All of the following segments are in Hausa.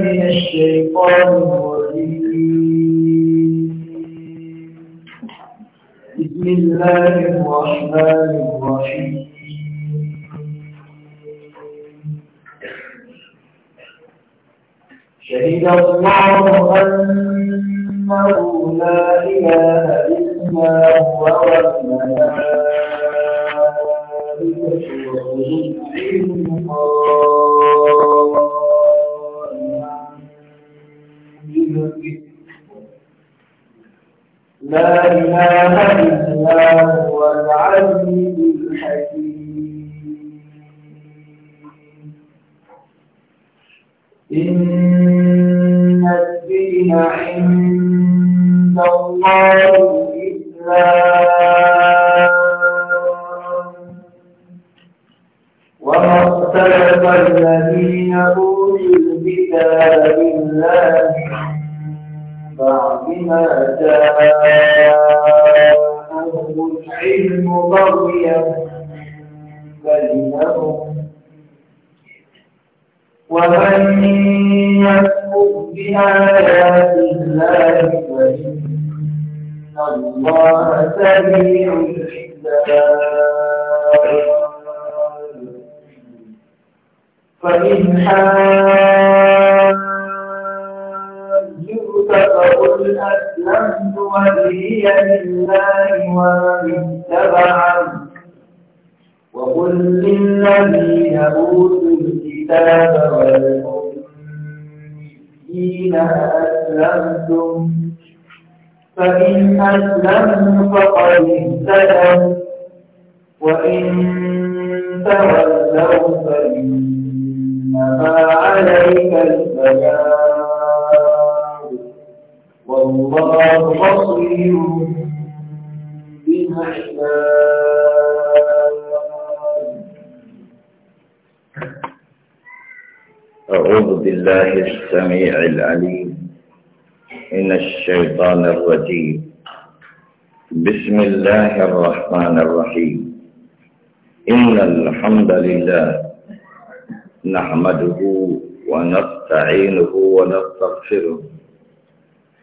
من الشيطان الرجيم بسم الله الرحمن الرحيم شهد الله أنه لا إله إلا هو والملائكة وأولو العلم لا إله إلا هو العزيز الحكيم إن الدين عند الله الإسلام وما اختلف الذين أوتوا الكتاب إلا ينفع بما جاءهم العلم بغيا بينهم ومن يكفر بآيات الله فإن الله سميع الحساب فإن حاجة فقل أسلمت وجهي لله ومن اتبعني وقل للذين أوتوا الكتاب والأمين أسلمتم فإن أسلموا فقد اهتدوا وإن تولوا فإنما عليك البلاغ والله بصير بما أعوذ بالله السميع العليم من الشيطان الرجيم بسم الله الرحمن الرحيم إن الحمد لله نحمده ونستعينه ونستغفره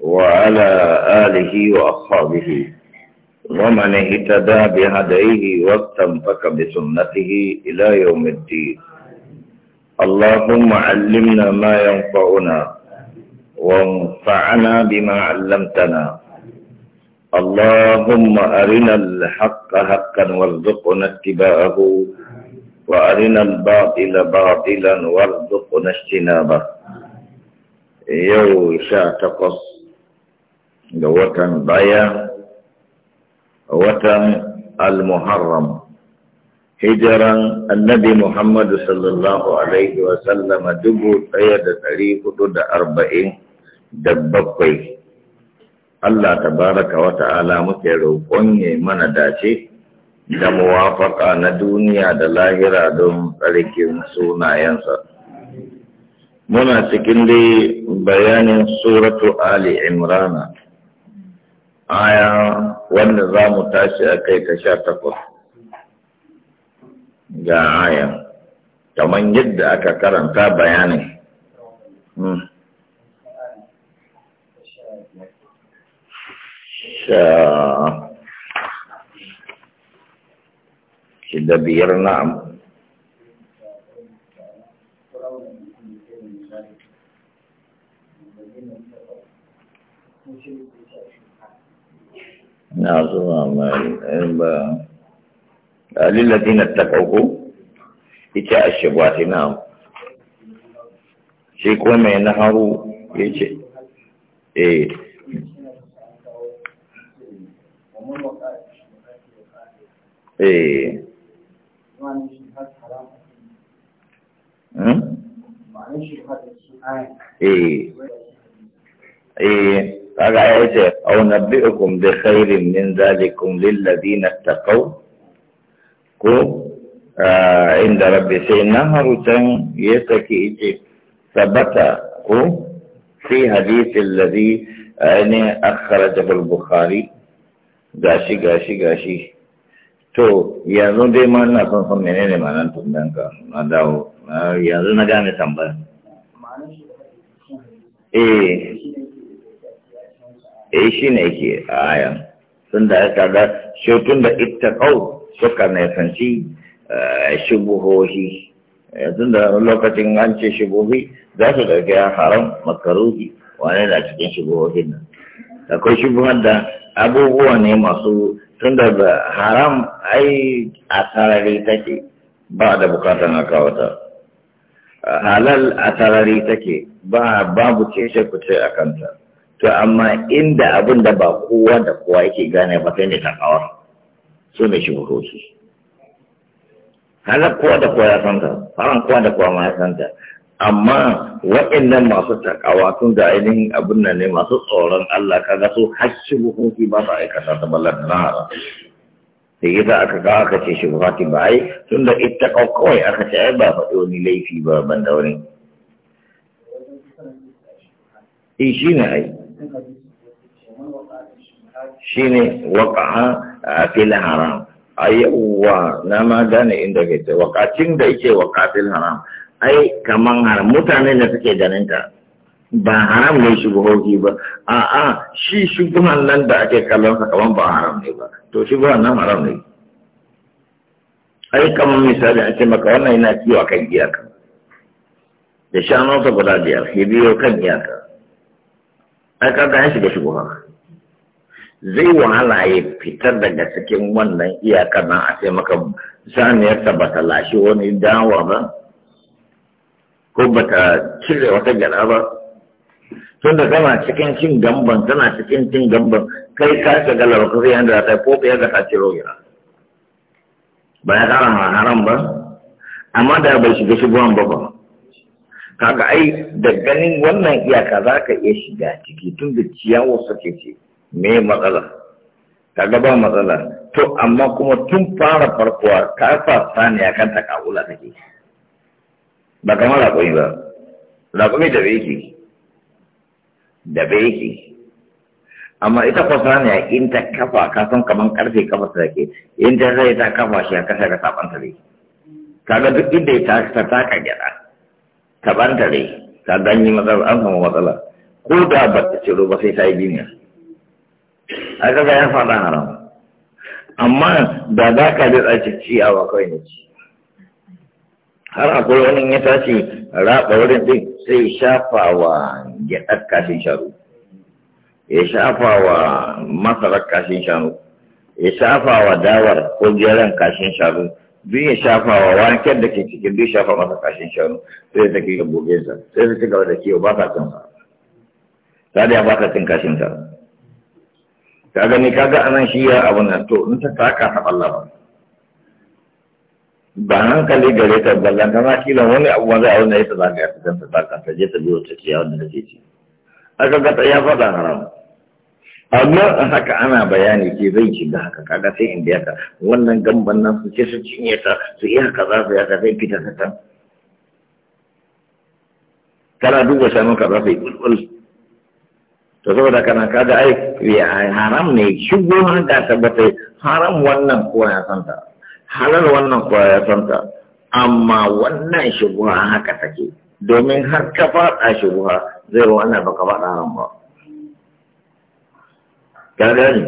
وعلى آله وأصحابه ومن اهتدى بهديه واستنفك بسنته إلى يوم الدين اللهم علمنا ما ينفعنا وانفعنا بما علمتنا اللهم أرنا الحق حقا وارزقنا اتباعه وأرنا الباطل باطلا وارزقنا اجتنابه يوشا تقص ga watan baya watan al-muharram hijiran annabi Muhammadu sallallahu Alaihi wa sallama dubu ɗaya da dari hudu da arba'in da bakwai. Allah tabaraka wa ta'ala muke roƙon ya mana dace da muwafaka na duniya da lahira don tsarkin sunayensa. Muna cikin dai bayanin suratu Ali Imrana. aya wanda za mu tashi a kai ta sha takwas ga ayan kamar yadda aka karanta bayanin sha shida biyar na'am na zuwa mai eh, ba alillazi ta takauku ita a shibati na shi ko mai na haru ya ce eh eh hmm? eh eh kaga ya ce au nabbi'ukum bi khairin min zalikum lil ladina taqaw ko ah, inda rabbi sai naharu can ya saki ice sabata ko fi hadithin ladhi ainihin akhrajahu al-bukhari gashi gashi gashi to yanzu dai ma ina son san menene ma'anar tambayanka na dawo ah, yanzu na gane tambayar eh eh shi ne yake a ayan sun da ya kada shekun da kau suka nisanci eh, shubuhohi sun eh, da lokacin an ce shubuhi za su ɗauki haram makaruhi wane na cikin shubuhohin nan akwai shubuhar da abubuwa ne masu sun da haram ai a sarari take ba da bukatan a kawata halal a sarari take ba babu ce ce a kanta to amma inda abin da ba kowa da kowa yake gane ba sai ne takawar su ne shi hukoki haka kowa da kowa ya san ta faran kowa da kowa ma ya san ta amma waɗannan masu takawa tun da ainihin abin nan ne masu tsoron Allah kaga so har shi hukunci ba sa aikata ta ballar da nahara da yi aka ga aka ce shi shubuhati ba ai tun da ita kawai aka ce ai ba faɗi wani laifi ba ban da wani. in eh, shi ne ai. shi ne waƙa'a a filin haram ai wa na ma gane inda ke ce waƙacin da yake waƙa filin haram ai kaman haram mutane da suke ganin ta ba haram ne shubuhohi ba a'a shi shubuhan nan da ake kallon sa kaman ba haram ne ba to shubuhan nan haram ne ai kaman misali a ce maka wannan yana kiwo kan iyaka da shanunsa guda biyar ya biyo kan iyaka ai kaga ya shiga shugaban. zai wahala ya fitar daga cikin wannan iyakar nan a sai maka saniyarsa ba ta lashe wani dawa ba ko ba ta cire wata gyada ba tun da tana cikin cin gamban tana cikin cin gamban kai ka ga larku sai da ta ko ya ga ta ciro gyada ba ya kara haram ba amma da bai shiga shugaban ba ba kaga ai da ganin wannan iyaka za ka iya shiga ciki tun da ciyawa suke ce me matsala kaga ba matsala to amma kuma tun fara farkowa ka sa saniya kan ta kakula ke. ba kama rakumi ba Rakumi da beki da ke. amma ita kwasa Saniya in ta kafa ka san kamar karfe kafa ta ke in ta zai ta kafa shi a kasa ka saban tare kaga duk inda ya ta taka gyara ta dai ta danyi matsala an samu matsala ko da ba ta ciro ba sai ta yi jinya a ga ya faɗa haram amma da za ka da tsaci ciyawa kawai ne ci har akwai wani ya tashi raɓa wurin ɗin sai shafa wa gyaɗar kashin sharu ya shafa wa masarar kashin sharu ya shafa wa dawar ko gyaran kashin sharu duk ya shafa wa wanken da ke cikin duk shafa masa kashin shanu sai da take gobe sa sai su cigaba da kiwo ba sa cin sa sadiya ba ta cin kashin sa ka gani ka ga anan shi ya abu nan to in ta taka ta Allah ba ba hankali gare ta ballan kana kila wani abu wanda a wannan ya ta zagaya ta ta ta je ta biyo ta ciya wanda take ci aka ga ta ya faɗa haramu amma a haka ana bayani ke zai shiga haka kaga sai in biya ka wannan gamban nan su ce su cinye ta su iya haka za su yaka zai fita ta can kana duba shanun ka za su yi bulbul to saboda kana kaga ai haram ne shigo ta tabbatai haram wannan kowa ya santa halal wannan kowa ya santa amma wannan shigo haka take domin har ka faɗa shigo zai wa wannan baka faɗa haram ba ka gane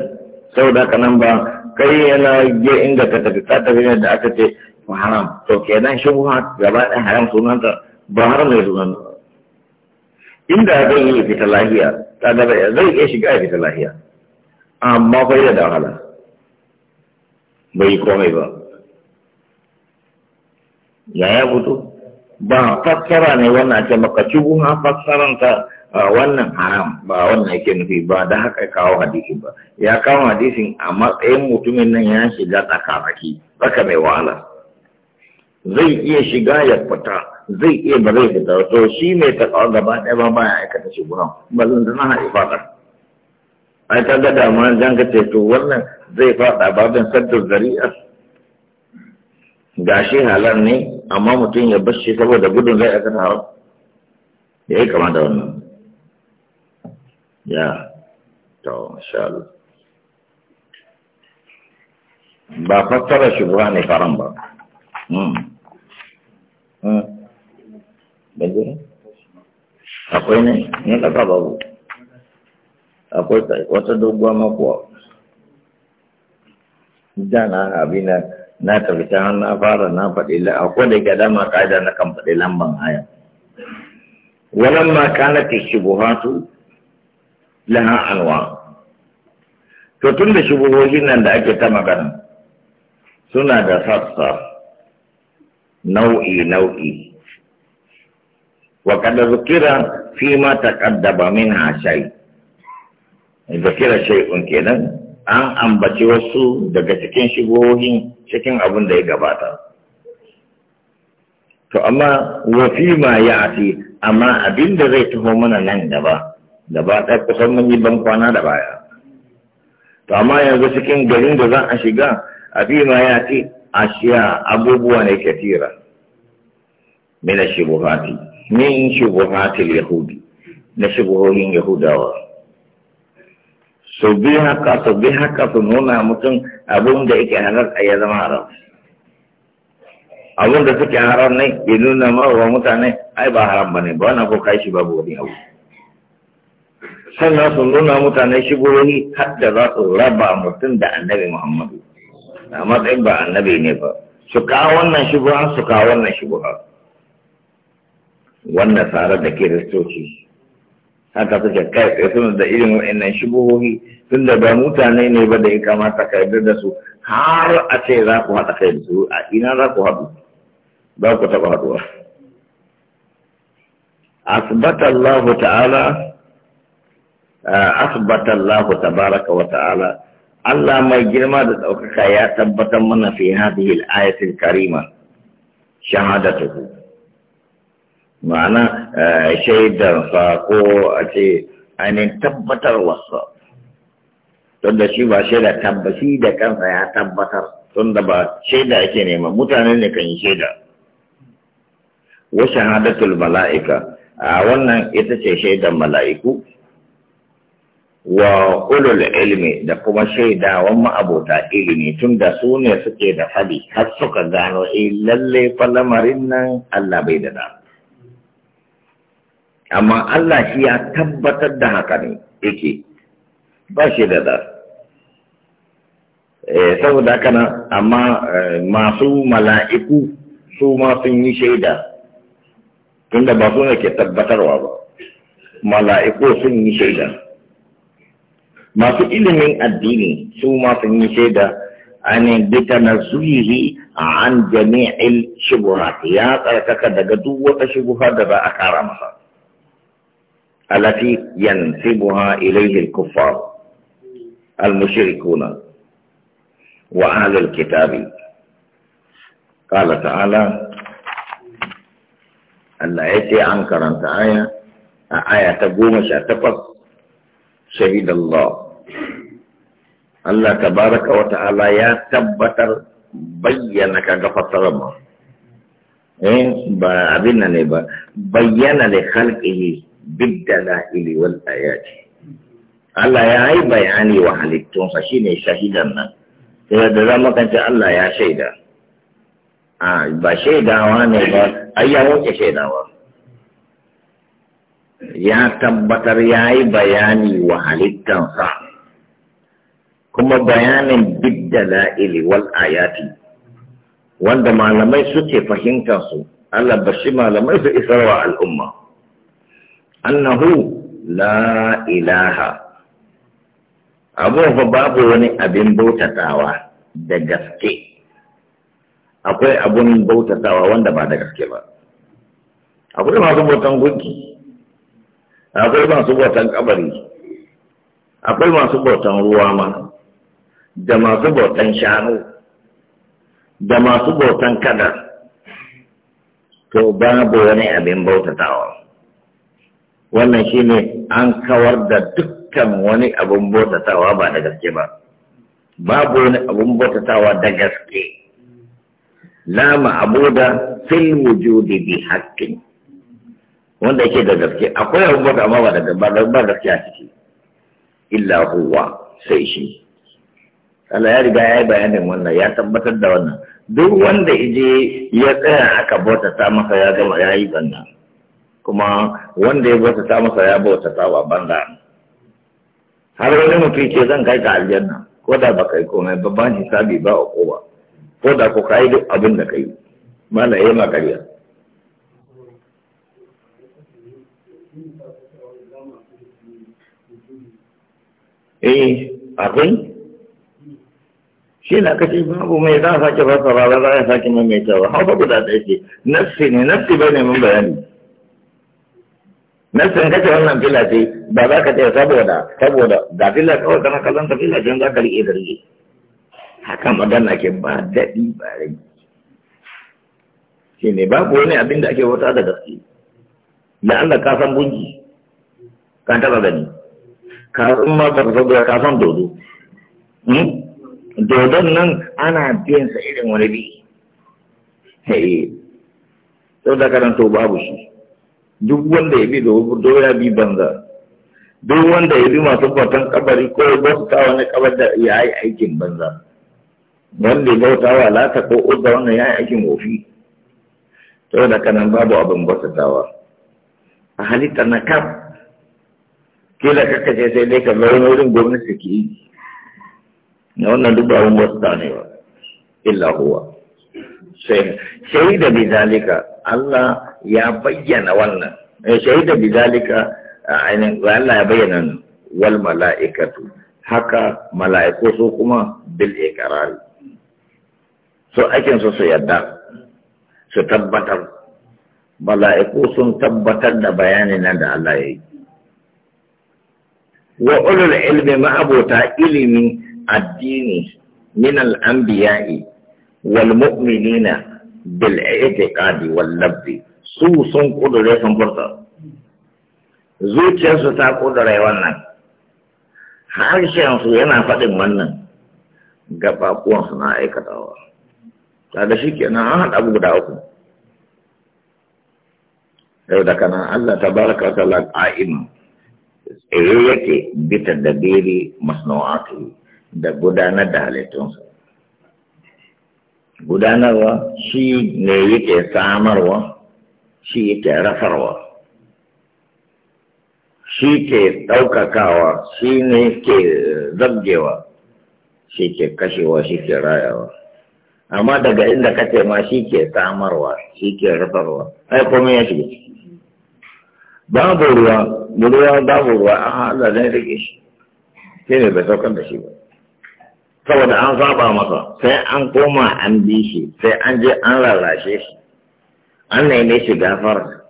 saboda ka nan ba kai yana je inda ka tafi ka tafi da aka ce haram to kenan shubha gaba ɗaya haram sunanta ba haram ne sunanta inda zai yi fita lahiya kaga zai iya shiga ya fita lahiya amma ya da wahala bai komai ba ya ya fito ba fassara ne wannan ce maka cikin ha fassaran ta ba wannan haram ba wannan yake nufi ba da haka kawo hadisin ba ya kawo hadisin a matsayin mutumin nan ya shiga tsakatsaki tsaka mai wahala zai iya shiga ya fita zai iya ba zai fita to shi mai takawa gaba ɗaya ba baya aikata shi guna ba zan zana haɗe fata ai ta ga ma jan ka ce to wannan zai faɗa babin saddar zari'ar gashi halar ne amma mutum ya bashi saboda gudun zai aikata haram ya yi kama da wannan ya to shalu ba fassara shubha ne faran ba hmm. Hmm. akwai ne ne kaka babu akwai wata doguwa makuwa da na abina na tafita ta hannu na fara na faɗi akwai da ke dama ƙa'ida na kan faɗi lamban haya walamma kanat shubuhatu laha alwa to tun da shubuhohin nan da ake ta magana suna da sassa nau'i nau'i wa kada zukira fi ma taqaddama minha shay zukira kenan an ambaci wasu daga cikin shigohin cikin abin da ya gabata. To, amma wafi ma ya ati, amma abin da zai taho mana nan gaba, gaba ɗaya kusan mun yi ban kwana da baya to amma yanzu cikin garin da za a shiga ma ya ce shiya abubuwa ne ke buhati? Me in shi buhati yahudi na shubuhohin yahudawa su bi haka su bi haka su nuna mutum abin da yake hanar a ya zama haram abin da suke haram ne ya nuna mawa mutane ai ba haram ba ne ba na ko kai shi babu wani abu sannan su nuna mutane shigoyi har da za su raba mutum da annabi muhammadu a matsayin ba annabi ne ba su kawo wannan shigowa su kawo wannan shigowa wannan tsara da kiristoci haka suke kai tsaye suna da irin wa'annan shigohi tun da ba mutane ne ba da ya kamata ka yarda da su har a ce za ku haɗa kai da su a ina za ku haɗu ba ku taɓa haɗuwa asbata Allah ta'ala Eh, asbata Allah tabaraka wa ta'ala Allah mai girma da ɗaukaka ya tabbatar mana fi hadhihi al-ayatil karima shahadatuhu ma'ana eh, shaidar sa ko a ce ainihin tabbatarwarsa don da shi ba shaida tabbashi da kansa ya tabbatar tun da ba shaida yake nema mutane ne kan yi shaida wa shahadatul mala'ika a wannan ita ce shaidan mala'iku wa ulul ilmi da kuma shaidawan ma'abota ilimi tun da su ne suke da fadi har suka gano eh lalle fa lamarin nan Allah bai da amma Allah shi ya tabbatar da haka ne yake ba shi da da eh, saboda haka nan amma eh, masu mala'iku su ma sun yi shaida tun da ba su ne ke tabbatarwa ba mala'iku sun yi shaida masu ilimin addini su ma sun yi shaida an bita na zuhihi an jami'il shubuhat ya tsarkaka daga duk wata shubuha da za a kara masa alati ilayhi al-kuffar al-mushrikuna wa ahli al الكتاب قال تعالى أن يأتي عن كرنت آية آية تقوم شاتفت شهيد الله الله تبارك وتعالى يا تبتر بينك غفر ما إيه أبينا نبا بين لخلقه بالدلائل والآيات الله يا أي بياني وحلك تنصشيني شهيدا إذا دلما كانت الله يا شهيدا آه با بشهيدا وانا أي يوم شهيدا وانا ya tabbatar ya yi bayani wa halittar sa. kuma bayanin bidda la'ili wal ayati wanda malamai suke su Allah bashi malamai su wa al'umma annahu la ilaha abubuwa babu wani abin bautatawa da gaske akwai abun bautatawa wanda ba da gaske ba akwai masu bautan gunki akwai masu bautan kabari akwai masu bautan ruwa ma da masu bautan shanu da masu bautan kada to babu wani abin bautatawa wannan shine an kawar da dukkan wani abin bautatawa ba da gaske ba babu wani abin bautatawa da gaske la ma'abuda fil wujudi bi haqqin wanda yake da gaske akwai abubakar amma ba da ba gaske a ciki illa huwa sai shi Allah ya riga ya yi bayanin wannan ya tabbatar da wannan duk wanda ije ya tsaya aka ta masa ya gama ya yi banna kuma wanda ya ta masa ya ta wa banda har wani mutum ke zan kai ka aljanna ko da ba kai komai babban hisabi ba a kowa ko da ko kai duk abin da kai mala yayi ma eh akwai shi na kashe babu mai za a sake fassara ba za a sake mai maimaitawa hausa guda ɗaya ce nafsi ne nafsi ba ne mun bayani nafsin kace wannan fila ce ba za ka ce saboda saboda ga fila kawai kana kallon ta fila ce za ka riƙe da riƙe haka magana ke ba daɗi ba rai shi ne babu wani abin da ake wata da gaske da Allah ka san gungi ka taba gani ka umma ba ka saboda ka san dodo hmm? dodon nan ana biyan sa irin wani bi Eh. sau da karanta babu shi duk wanda ya bi dodo ya bi banza duk wanda ya bi masu bautan kabari ko ya bauta wani kabar da ya yi aikin banza wanda ya bauta wa lata ko uba wannan ya yi aikin wofi sau da kanan babu abin bautatawa a halitta na kaf kila kakace sai dai kamar wurin gwamnati ke yi na wannan duk abin wasu ne ba illa huwa sai shaida bi zalika Allah ya bayyana wannan eh, shaida bi zalika ainihin Allah ya bayyana wal mala'ikatu haka mala'iku su kuma bil iqrari so aikin su su yadda su tabbatar mala'iku sun tabbatar da bayani na da Allah ya yi. Wa ulul ilmi ma'abota ilimi addini min al'ambiya'i wal mu'minina bil i'tiqadi wal labbi su sun kudure sun furta. Zuciyarsu ta kudure wannan, harshensu yana faɗin wannan, Gaba gabaɓuwansu suna aikatawa. Ta da shi kenan an haɗa guda uku. yau da kana Allah ta baraka ta la qa'im yake bita da biri masnu'atu da gudanar da halittunsa gudanarwa shi ne yake samarwa shi yake rafarwa shi ke ɗaukakawa shi ne ke zabgewa shi ke kashewa shi ke rayawa amma daga inda kace ma shi ke samarwa shi ke rafarwa ai komai ya shiga ciki babu ruwa ruwa babu ruwa an haɗa zai rike shi sai ne bai saukar da shi ba saboda an saba masa sai an koma an bi shi sai an je an lalace shi an nemi shi gafara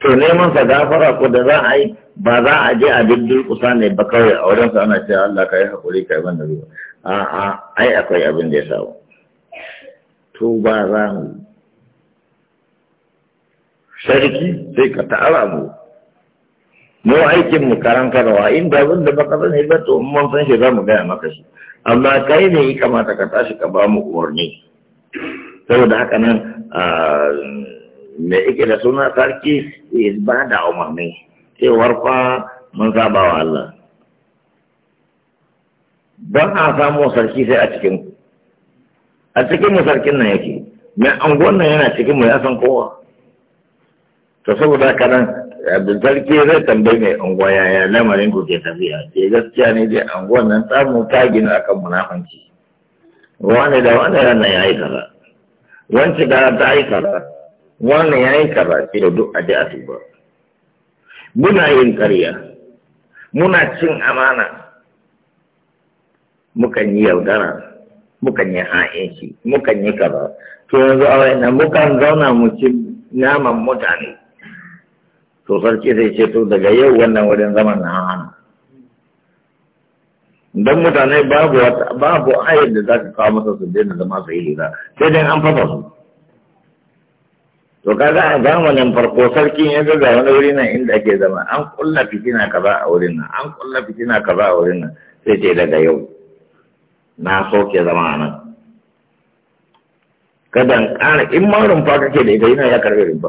to neman sa gafara ko da za a yi ba za a je a duk kusa ne ba kawai a wurin sa ana cewa Allah ka yi hakuri ka yi ban da ruwa a'a ai akwai abin da ya samu to ba za mu sarki sai ka ta'ara mu mu aikin mu wa inda abin da baka sani ba to mun san shi za mu gaya maka shi amma kai ne ya kamata ka tashi ka ba mu umarni saboda haka nan me yake da suna sarki ya ba da umarni cewar fa mun saba wa Allah ba a samu sarki sai a cikin a cikin mu sarkin nan yake mai anguwan nan yana cikin mu ya san kowa to saboda haka nan abin sarki zai tambayi mai unguwa yaya lamarin ku ke tafiya ke eh, gaskiya ne dai unguwan nan samu tagin akan munafanci wani da wani yana ya yi kaza wancan da ta yi kaza wani ya yi kaza ke da duk aje a tuba muna yin karya muna cin amana mukan yi yaudara mukan yi ha'inci mukan yi kaza to yanzu a wayan mukan zauna mu ci naman mutane to sarki zai ce to daga yau wannan wurin zaman na hana don mutane babu babu ayar da za ka kawo masa su daina zama su yi lura sai dai an fasa su to kaga a zamanin farko sarki ya ga wani wuri nan inda ake zama an kulla fitina kaza a wurin nan an kulla fitina kaza a wurin nan sai ce daga yau na soke zama a nan kada in ma rumfa kake da ita yana ya karbe rumfa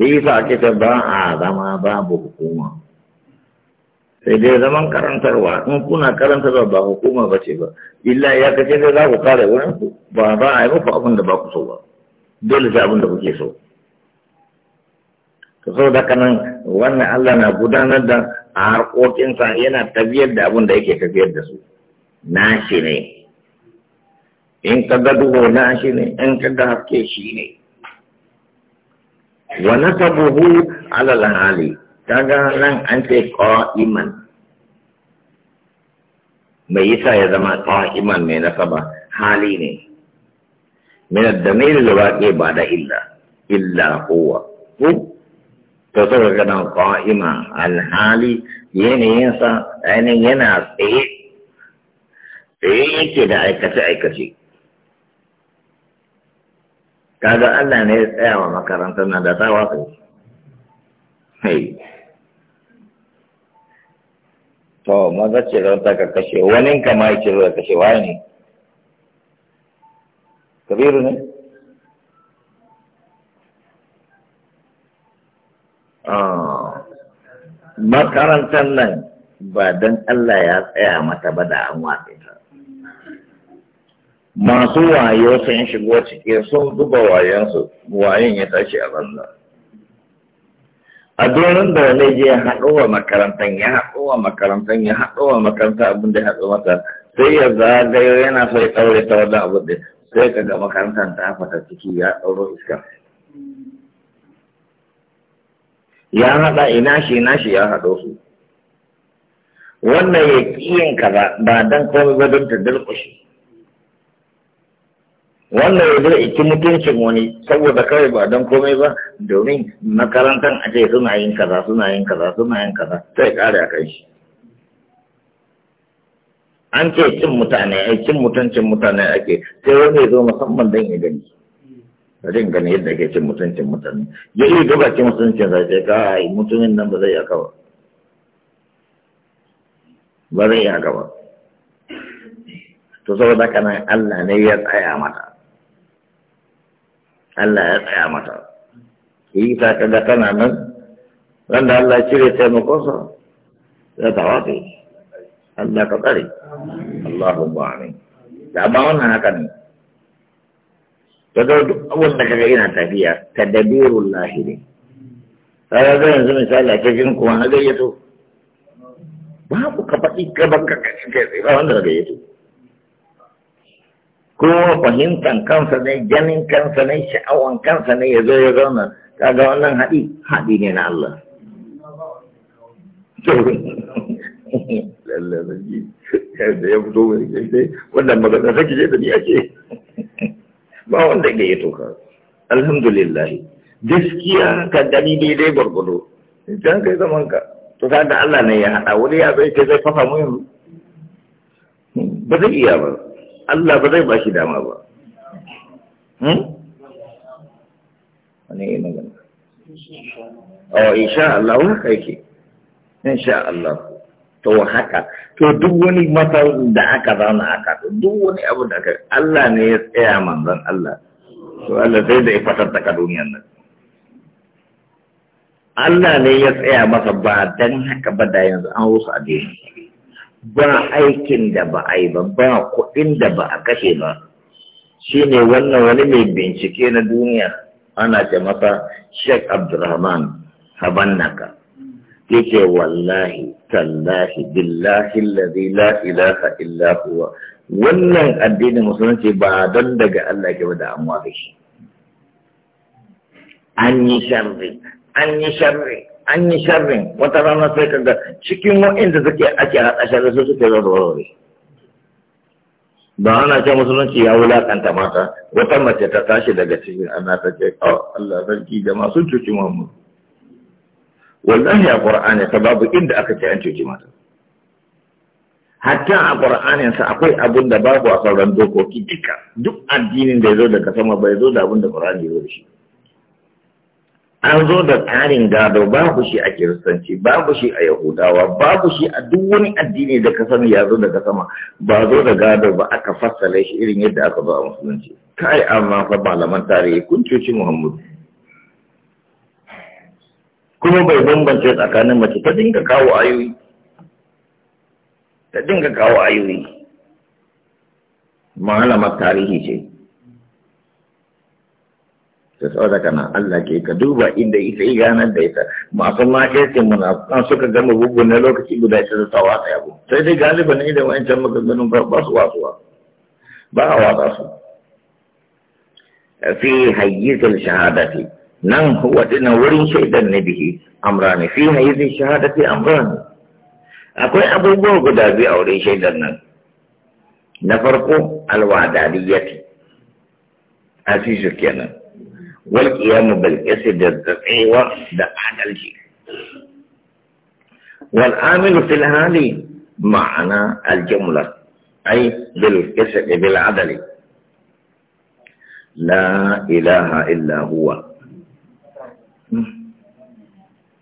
shi sa ake ta ba a zama babu hukuma sai dai zaman karantarwa in kuna karantarwa ba hukuma ba ce ba illa ya kace sai za ku kare wani ba ba a yi muku abin da ba ku so ba dole sai abin da kuke so so da kanan wannan Allah na gudanar da a harkokinsa yana tafiyar da abin da yake tafiyar da su na shi ne in ka ga duhu na shi ne in ka ga haske shi ne wa nasabuhu ala al-hali kaga nan an ce qa'iman mai yasa ya zama qa'iman mai nasaba hali ne min ad-damir al-waqi ba'da illa illa huwa ko to to ga nan qa'ima al-hali yanayinsa ainihin yana tsaye tsaye yake da aikace aikace kaga Allah ne ya tsaya wa makarantar nan da ta kai hey to maza ce zan ta kashe wani kama ya ce zai kashe waye ne kabiru ne ah. makarantar nan ba don Allah ya tsaya mata ba da an wafe ta masu wayo sun shigo ciki sun zuba wayansu wayan ya tashi a banza a doron da wani je haɗo wa makarantar ya haɗo wa makarantar ya haɗo wa makaranta abin da ya haɗo mata sai ya zagayo yana so ya ɗaure ta wani abin da sai ka ga makarantar ta fata ciki ya ɗauro iska ya haɗa ina shi ina shi ya haɗo su wannan ya ƙi yin kaza ba don komai ba don ta durƙushe wannan ya zai iki mutuncin wani saboda kawai ba don komai ba domin makarantar a ce suna yin kaza suna yin kaza suna yin kaza sai kare a kai shi an ce cin mutane a cin mutuncin mutane ake sai wani ya zo musamman don ya gani rin gani yadda ke cin mutuncin mutane ya yi duka cin mutuncin sa ce ka yi mutumin nan ba zai iya kawa ba zai iya kawa to saboda kana Allah ne ya tsaya mata Allah ya tsaya mata yi ta kaga tana nan ran da ya cire taimakonsa ya ta wafe Allah ka tsare Allahumma amin da ba wannan haka ne ka ga abin da kaga ina tafiya tadabirul lahi ne kaga ga yanzu misali a cikin kuma na gayyato babu ka faɗi gaban ka kai tsaye ba wanda na gayyato kowa fahimtan kansa ne ganin kansa ne sha'awan kansa ne ya zo ya zauna kaga wannan haɗi haɗi ne na Allah da ya fito mai gaisai wannan magana sake je da ni ake ba wanda ga ya toka alhamdulillah gaskiya ka gani daidai gwargwado idan kai zaman ka to da Allah ne ya haɗa wani ya zai kai zai fafa mu yanzu hmm, ba zai iya ba Allah ba zai ba shi dama ba hmm? wani yi magana a oh, insha Allah haka yake insha Allah to haka to duk wani matsayin da aka zama aka duk wani abu da aka Allah ne ya tsaya manzan Allah to Allah zai da ya fatanta ka duniyar nan Allah ne ya tsaya masa ba don haka ba da yanzu an rusa addini ba aikin da ba a yi ba ba kuɗin da ba a kashe ba shi ne wannan wani mai bincike na duniya ana ce masa sheikh abdulrahman habannaka yake wallahi tallahi billahi lazi, la ilaha illa wannan addinin musulunci ba don daga Allah ke da amma da shi an yi sharri an yi sharri an yi sharrin wata rana sai kaga cikin wa'inda suke ake haɗa sharri su suke da warware ba ana ce musulunci ya wulakanta mata wata mace ta tashi daga cikin ana ta ce oh, Allah sarki da masu cuci mu wallahi a qur'ani ta babu inda aka ce an cuci mata hatta a qur'ani sa akwai abin da babu a sauran dokoki duka duk addinin da ya zo daga sama bai zo da abin da qur'ani ya zo da shi an zo da tarin gado babu shi a kiristanci babu shi a yahudawa babu shi a duk wani addini da ka sani ya zo daga sama ba zo da gado ba aka fassale shi irin yadda aka zo a musulunci kai amma fa malaman tarihi kun cuci muhammadu kuma bai bambance tsakanin mace ta dinga kawo ayoyi ta dinga kawo ayoyi malamar tarihi ce da tsawon na Allah ke ka duba inda ita yi ganar da ita masu makircin an suka gama bugu na lokaci guda shi da tsawa ta yabo sai dai galiba ne da wancan maganganun ba su wasuwa ba a wasa su fi hayyizar shahadati nan huwa dinan wurin shaidan na bihi amrani fi hayyizar shahadati amrani akwai abubuwa guda biyu a wurin shaidan nan na farko alwadadiyyati asisu kenan والقيام بالجسد الرفيع وقت بعد الجيل والعامل في الهالي معنى الجملة أي بالجسد بالعدل لا إله إلا هو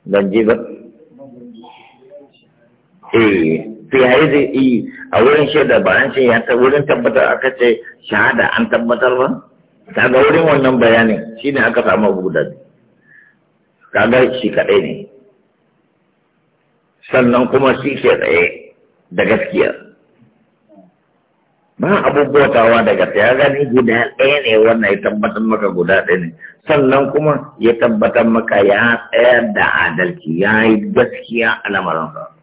نجيب إيه في هذه إيه أولا شهد بعين شيء أنت أولا تبتر أكتش شهادة أنت تبتر kaga wurin wannan bayanin shine aka samu abu guda kaga shi kaɗai ne sannan kuma shi ke tsaye da gaskiya ba abubuwa daga ta ya gani guda ɗaya ne wannan ya tabbatar maka guda ɗaya ne sannan kuma ya tabbatar maka ya tsayar da adalci ya yi gaskiya a lamarinsa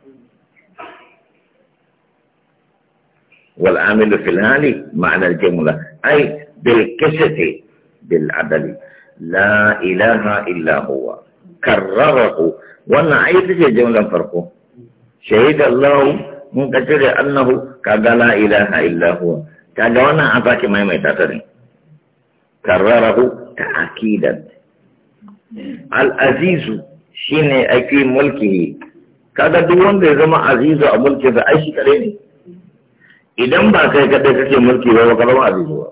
والعامل في الهالي معنى الجملة بالقسط بالعدل لا إله إلا هو كرره وانا عيد جملة فرقه شهد الله من منكسر أنه كذا لا إله إلا هو كذا وانا أعطاك ما تاتري كرره تأكيدا العزيز شيني أكي ملكه kaga duk wanda ya zama azizu a mulkin sa ai kare ne idan ba kai kadai kake mulki ba ka zama azizu ba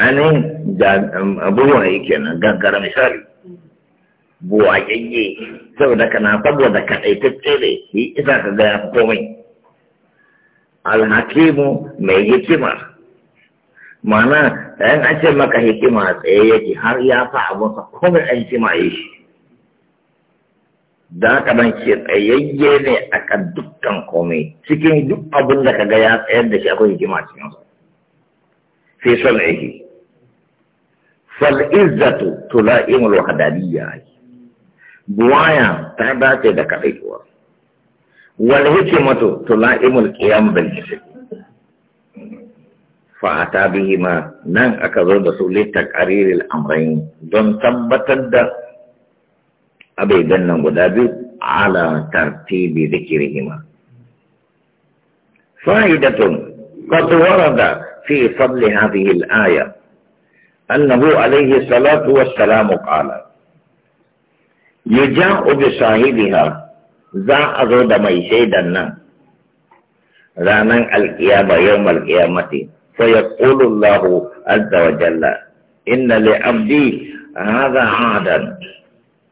ainihin um, buwaye kenan gaggara misali yayye saboda kana saboda kaɗaitacce ne yi isa ka gaya komai alhakimu mai hikima mana ɗan an ce maka hikima tsaye yake har ya fa sa komai an hikima yi shi da haka ban ke tsayayye ne a kan dukkan komai cikin duk abin da ka ga ya tsayar da shi akwai hikima cikinsa fi son aiki فالعزة تلائم الوحدانية بوايا تعدات دكتور أيوة. والحكمة تلائم القيام بالحكمة فأتى بهما نان نعم، أكذر سولي تكرير الأمرين دون ثبت الد أبي دنن ودابي على ترتيب ذكرهما فائدة قد ورد في فضل هذه الآية أنه عليه الصلاة والسلام قال يجاء بصاحبها ذا أزود ميشيدا رانا القيامة يوم القيامة فيقول الله عز وجل إن لعبدي هذا عادا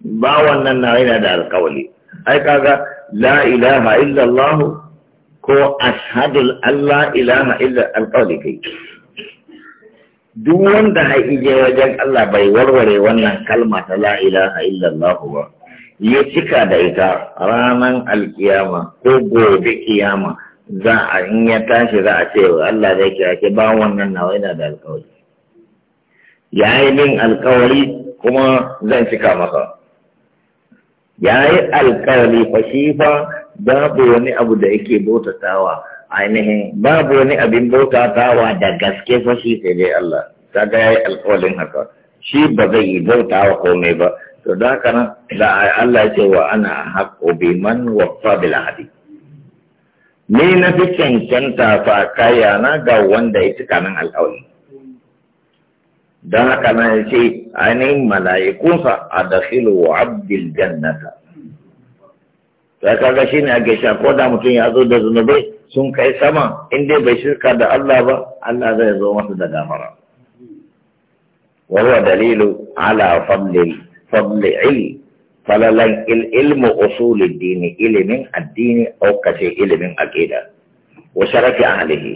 باوانا نعينا دار القول أي كذا لا إله إلا الله كو أشهد أن لا إله إلا القول duk wanda ya ije wajen Allah bai warware wannan kalma ta la ilaha illallah ba ya cika da ita ranar alkiyama ko gobe kiyama za a in ya tashi za a ce Allah zai kira ke ba wannan nawa yana da alkawari ya yi min alkawari kuma zan cika maka. ya yi alkawari fa shi fa babu wani abu da yake bautatawa ainihin babu wani abin bautatawa da gaske fa shi sai dai Allah ta ga yayi alƙawarin haka shi ba zai yi bautawa komai ba to da haka nan da Allah ya ce wa ana haqqu bi man waffa bil ahdi ni na fi cancanta fa kaya na ga wanda ya cika nan alƙawari don haka nan ya ce ainihin mala'ikunsa a dakhilu abdil jannata ta kaga ne a gaishe ko da mutum ya zo da zunubai sun kai sama in bai shirka da Allah ba Allah zai zo masa da gafara wa dalilu ala fadli fadli ilmi falalan ilmu dini ilimin addini au ilimin aqida wa sharafi ahlihi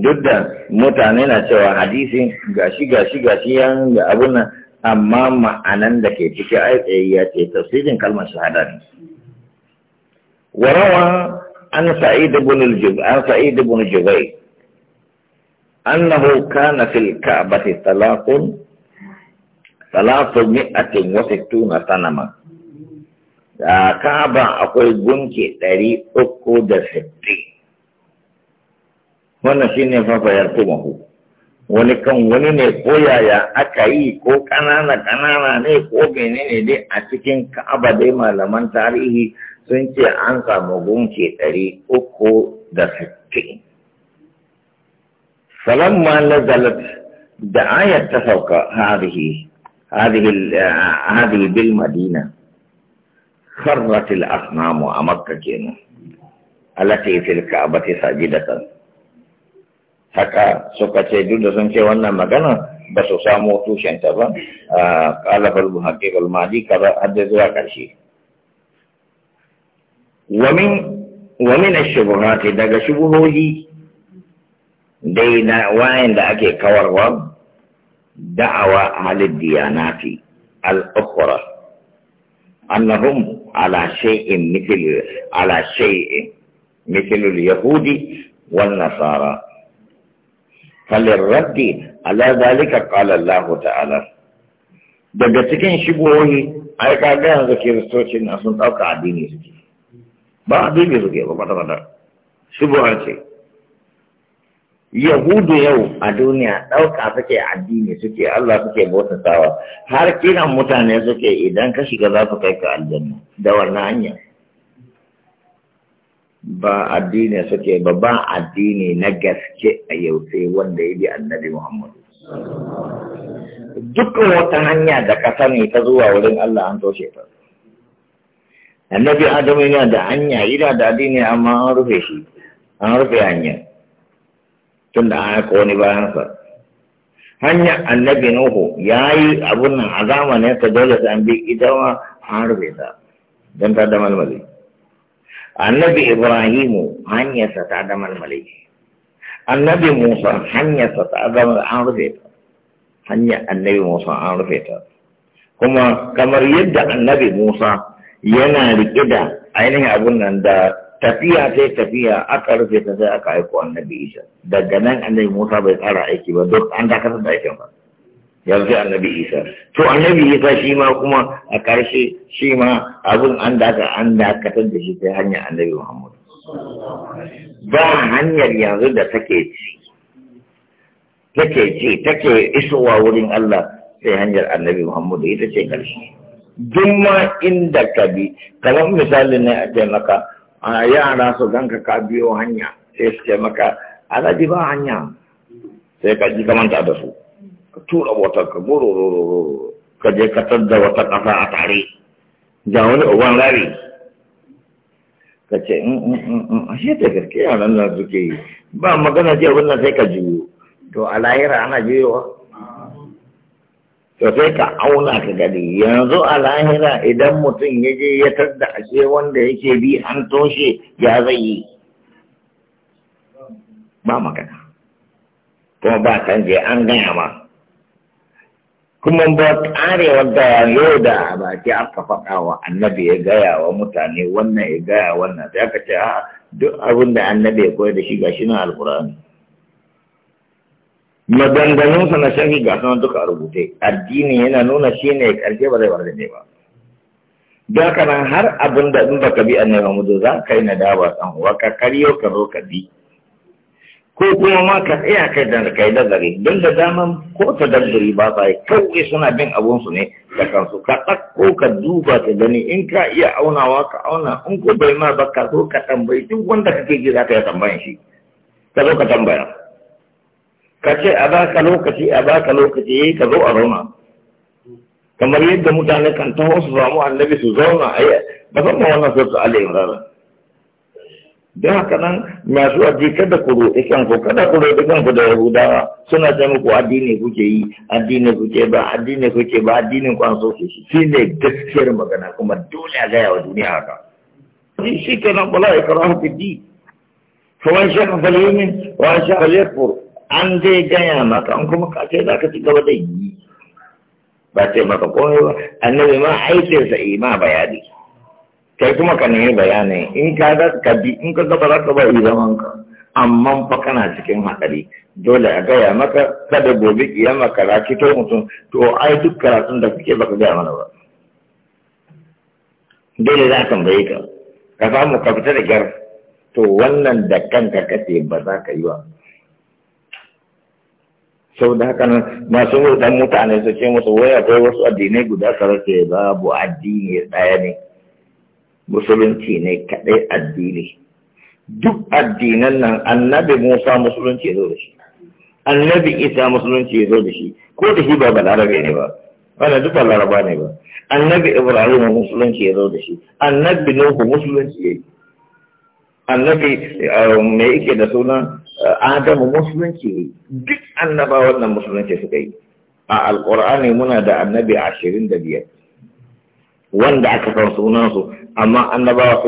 duk da mutane na cewa hadisin gashi gashi gashi yan da abun nan amma ma'anan da ke ciki ai ce tafsirin kalmar shahada ne warawa عن سعيد بن الجب عن سعيد بن جبير أنه كان في الكعبة ثلاث ثلاثمائة وستون سنما كعبة أقول جنكي تري أكود ستي wannan shi ne fafayar ku. wani kan wani ne ko yaya aka yi ko ƙanana ƙanana ne ko menene dai a cikin ka'aba dai malaman tarihi sun ce an samu gunke ɗari uku da sittin. na nazalat da ayat ta sauka hadihi hadihi eh, bil madina kharrat al asnamu a makka kenan alati fil ka'bati sajidatan haka suka ce duk da sun ce wannan magana ba su samu tushenta ba a ah, ƙalafar buhaƙi kalmadi kaza har zuwa ƙarshe ومن ومن الشبهات دغ شبهه دينا وين ده اكي كور وب دعوى اهل الديانات الاخرى انهم على شيء مثل على شيء مثل اليهود والنصارى فللرد على ذلك قال الله تعالى دغ شبهه اي كاغا ذكر سوتين اصلا او قاعدين يسكن ba a suke ba kwata-kwata shubuhar ce yahudu yau a duniya ɗauka suke addini suke Allah suke bautatawa har kiran mutane suke idan ka shiga za su kai ka aljanna da wannan hanya ba addini suke ba ba addini na gaske a yau sai wanda ya bi annabi Muhammad dukkan wata hanya da ka sani ta zuwa wurin Allah an toshe ta annabi adam yana da hanya ina da addini amma an rufe shi an rufe hanya tun da an haka wani bayan sa. hanya annabi nuhu ya yi abun nan a zamanin ta dole sai an bi ita ma an rufe ta don ta da malmali annabi ibrahimu hanyarsa ta da malmali annabi musa hanyarsa ta da an rufe ta hanya annabi musa an rufe ta kuma kamar yadda annabi musa yana riƙe da ainihin abun nan da tafiya sai tafiya aka rufe ta sai aka aiko annabi isa daga nan annabi musa bai tsara aiki ba duk an dakatar da aikin ba ya rufe annabi isa to annabi isa shi ma kuma a ƙarshe shi ma abun an daka an dakatar da shi sai hanyar annabi muhammad ba hanyar yanzu da take ci take ci take isowa wurin allah sai hanyar annabi muhammad ita ce ƙarshe juma inda ka bi kamar misali ne a ce maka a yara su ganka ka biyo hanya sai su ce maka alaji ba hanya sai ka ji kamanta da su ka tura wata ka gororo ka je ka tadda wata kasa a tare ga wani uban rari ka ce mm, mm, mm, ashe ta gaske yaran nan suke yi ba magana ce wannan sai ka juyo to a lahira ana juyowa to sai ka auna ka gani yanzu a lahira idan mutum ya je ya tadda ashe wanda yake bi an toshe ya zai yi ba magana kuma ba je an gaya ma kuma ba karewar da yau da baki aka faɗa wa annabi ya gaya wa mutane wannan ya gaya wannan sai aka ce duk abin da annabi ya koyar da shi gashi na alkur'ani maganganunsa na shafi ga sanar duka a rubuce addini yana nuna shi ne karshe ba zai warda ba da nan har abin da in baka bi ba mudu za ka yi dawa dan uwa ka karyo ka zo ka bi ko kuma ma ka tsaya kai da kai dazare don da daman ko ta dazare ba sa yi kawai suna bin abun su ne da kansu ka ɗakko ka duba ta gani in ka iya aunawa ka auna in ko bai ma ba ka zo ka tambayi duk wanda kake ji za ka yi tambayin shi ka zo ka tambaya ka ce a baka lokaci a baka lokaci yayi eh, ka zo a zauna kamar yadda mutane kan taho su samu annabi su zauna a yi musamman wannan sai su alayhi Imran don haka nan masu addi kada ku roƙi kanku kada ku roƙi kanku da yahudawa suna ce muku addini kuke yi addini kuke ba addini kuke ba addinin ku an so su shi ne gaskiyar magana kuma dole a gaya wa duniya haka shi kenan bala ikrahu fi din fa man sha'a falyumin wa man sha'a falyakfur an zai gaya maka an kuma ka ce za ka ci gaba da yi ba ce maka komai ba annabi ma aikinsa ima bayani kai kuma ka nemi bayani in ka da ka bi in ka gaba za ka ba yi zaman ka amma fa kana cikin haɗari dole a gaya maka kada gobe kiyama ka rakito mutum to ai duk karatun da kake baka gaya mana ba dole za a tambaye ka ka samu ka fita da gyar to wannan da kanka kace ba za ka yi ba sau da haka nan masu hulɗan mutane su ce musu waya akwai wasu addinai guda kaza ke babu addini ɗaya ne musulunci ne kaɗai addini duk addinan nan annabi musa musulunci ya zo da shi annabi isa musulunci ya zo da shi ko da shi ba balarabe ne ba wanda duk balaraba ne ba annabi ibrahim musulunci ya zo da shi annabi nuhu musulunci ya yi annabi eh, mai yake da suna adamu musulunci duk annaba wannan musulunci suka yi a alƙur'ani muna da annabi ashirin da biyar wanda aka san sunansu amma annabawa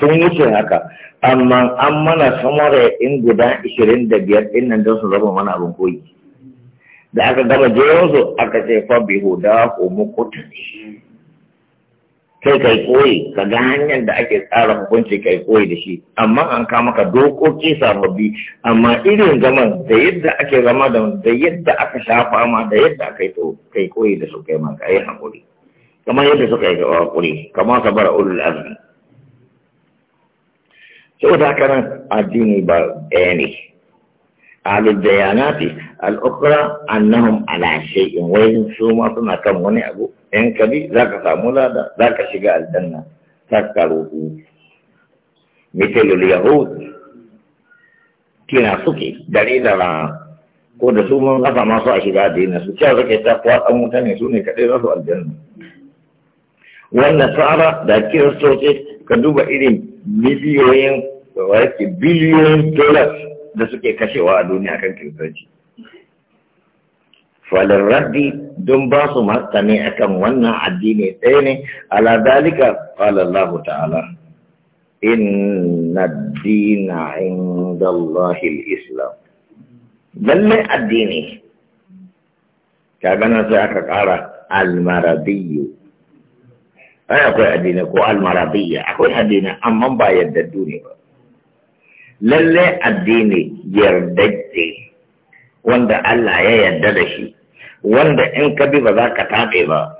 sun wuce haka amma an mana samara in guda ashirin da biyar din don su zama mana abin koyi da aka gama jeronsu aka ce fa bihuda ko mukutu sai kai koyi ka ga hanyar da ake tsara hukunci kai koyi da shi amma an ka maka dokoki sababbi amma irin zaman da yadda ake zama da da yadda aka shafa ma da yadda aka yi kai koyi da su kai maka ayi hakuri kamar yadda suka yi hakuri kamar ka bar ulul azmi saboda haka nan addini ba ɗaya ne على الديانات الأخرى أنهم على شيء وإن سوما سنة كم وني أبو إن كبي ذاك سامولا ذاك شجاع الجنة تذكروه مثل اليهود kina suke dare da rana ko da su mun kafa masu a shiga addini su cewa suke ta kuwa an mutane su ne kaɗai za su aljanna wannan tsara da kiristoci ka duba irin miliyoyin biliyoyin dollars da suke kashewa a duniya kan kiristanci falin raddi don ba su a akan wannan addini ɗaya ne ala zalika falallahu ta'ala inna dina inda islam lallai addini ta gana sai aka ƙara almaradiyyu ai akwai addini ko almaradiyya akwai addini amma ba yadda duniya ba lalle addini yardajje wanda Allah ya yarda da shi wanda in ka bi ba za ka taɓe ba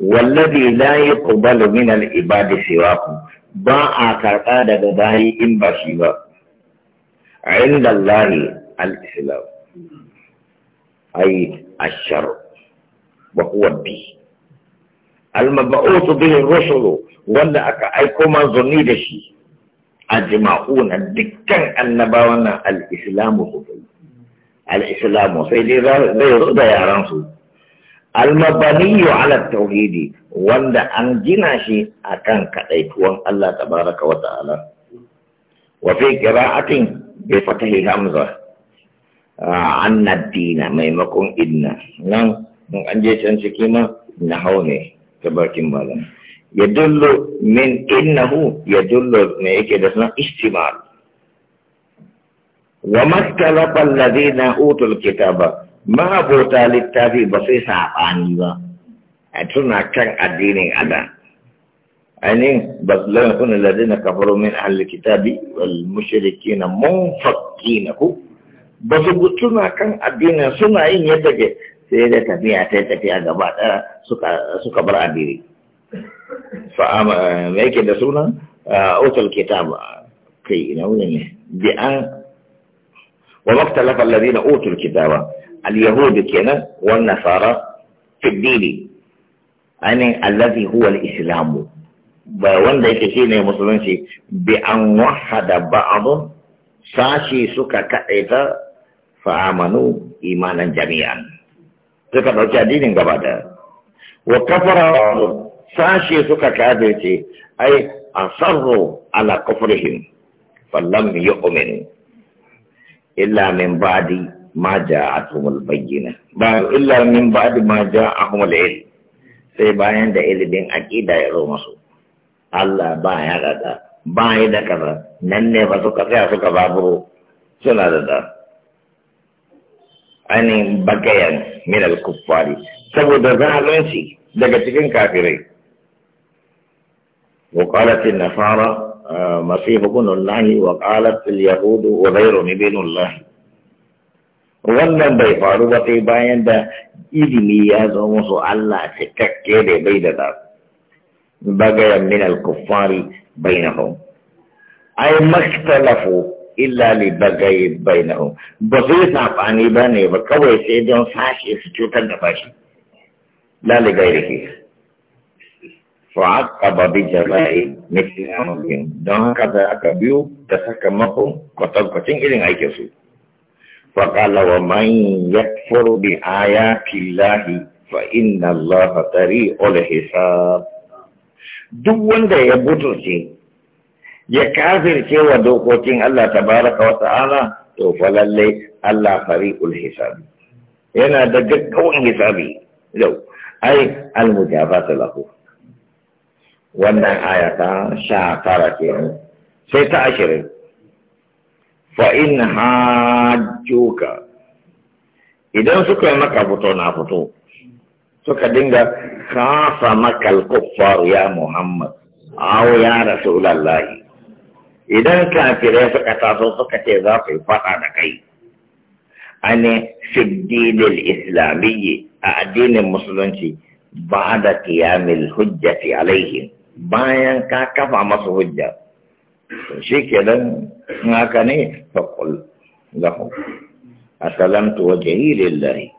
wallazi la yuqbalu min al-ibadi siwaku ba a karɓa daga bayi in ba shi ba inda Allah al-islam ay ashar wa huwa bi al-mab'uth bihi ar-rusul wanda aka aiko manzoni da shi ajma'una dukkan annabawan nan al-islamu al-islamu sai dai zai zo da yaran su al-mabaniyu ala tauhidi wanda an gina shi akan kadaituwan Allah tabaraka wa ta'ala wa fi qira'atin bi fatahi hamza an dina maimakon inna nan an je can ciki ma na haune ta bakin malam yadullu min innahu yadullu ne yake da sunan istimal wa maskalafa alladhina utul kitaba ma abota littafi ba sai sabani ba a tuna kan addinin ada ainihin ba su lana kuna ladina kafaru min kitabi wal mushrikina munfakkina ku ba su tuna kan addinin suna yin yadda sai da tafiya ta tafiya gaba ɗaya suka bar addini fa'ama me yake da suna ah, utul kitab kai ina wuri ne bi an wa maktalafa alladhina utul kitaba al-yahud kenan wan nasara fi dini ani allazi huwa al-islam ba wanda yake shine musulunci bi an wahada ba'd sashi suka kadaita fa'amanu imanan jami'an suka dauki addinin gaba da wa kafara sashe suka ce ai a sarro ala kufrihim fallam yu'min illa min ba'di ma a bayyina ba illa min ba'di ma ja'ahumul ilm sai bayan da ilimin aqida ya zo musu Allah ba ya rada ba ya da kaza nan ne ba suka tsaya suka baburo suna da da ainihin bagayen min al-kuffari saboda zalunci daga cikin kafirai وقالت النصارى مسيح ابن الله وقالت اليهود وغير ابن الله wannan bai faru ba sai bayan da ilimi ya zo musu Allah cikakke da bai da zafi bagayan min al-kuffari bainahum ay makhtalafu illa li na bainahum ba su yi safani ba ne ba kawai sai don sashe su cutar da fashi la li gairihi فعقب بجزاء مثل عمرهم دون هكذا أكبيو تسكمكم وتلقتين إلين أيكسو فقال ومن يكفر بآيات الله فإن الله طريق الحساب duk wanda ya butulce ya kafirce wa dokokin Allah tabaraka wa ta'ala to fa lalle Allah fariqul hisab yana da gaggawan hisabi yau ai al wannan ayata sha tara kenan sai ta ashirin fa in hajjuka idan suka maka fito na fito suka dinga kafa maka alkuffar ya Muhammad aw ya Rasulullahi idan kafirai suka taso suka ce za su yi fada da kai ane fiddinil islamiyyi a addinin musulunci ba da qiyamil hujjati alaihim bayan ka kafa masa hujja shi ke nan haka ne faƙul lahu asalamtu wajhi lillahi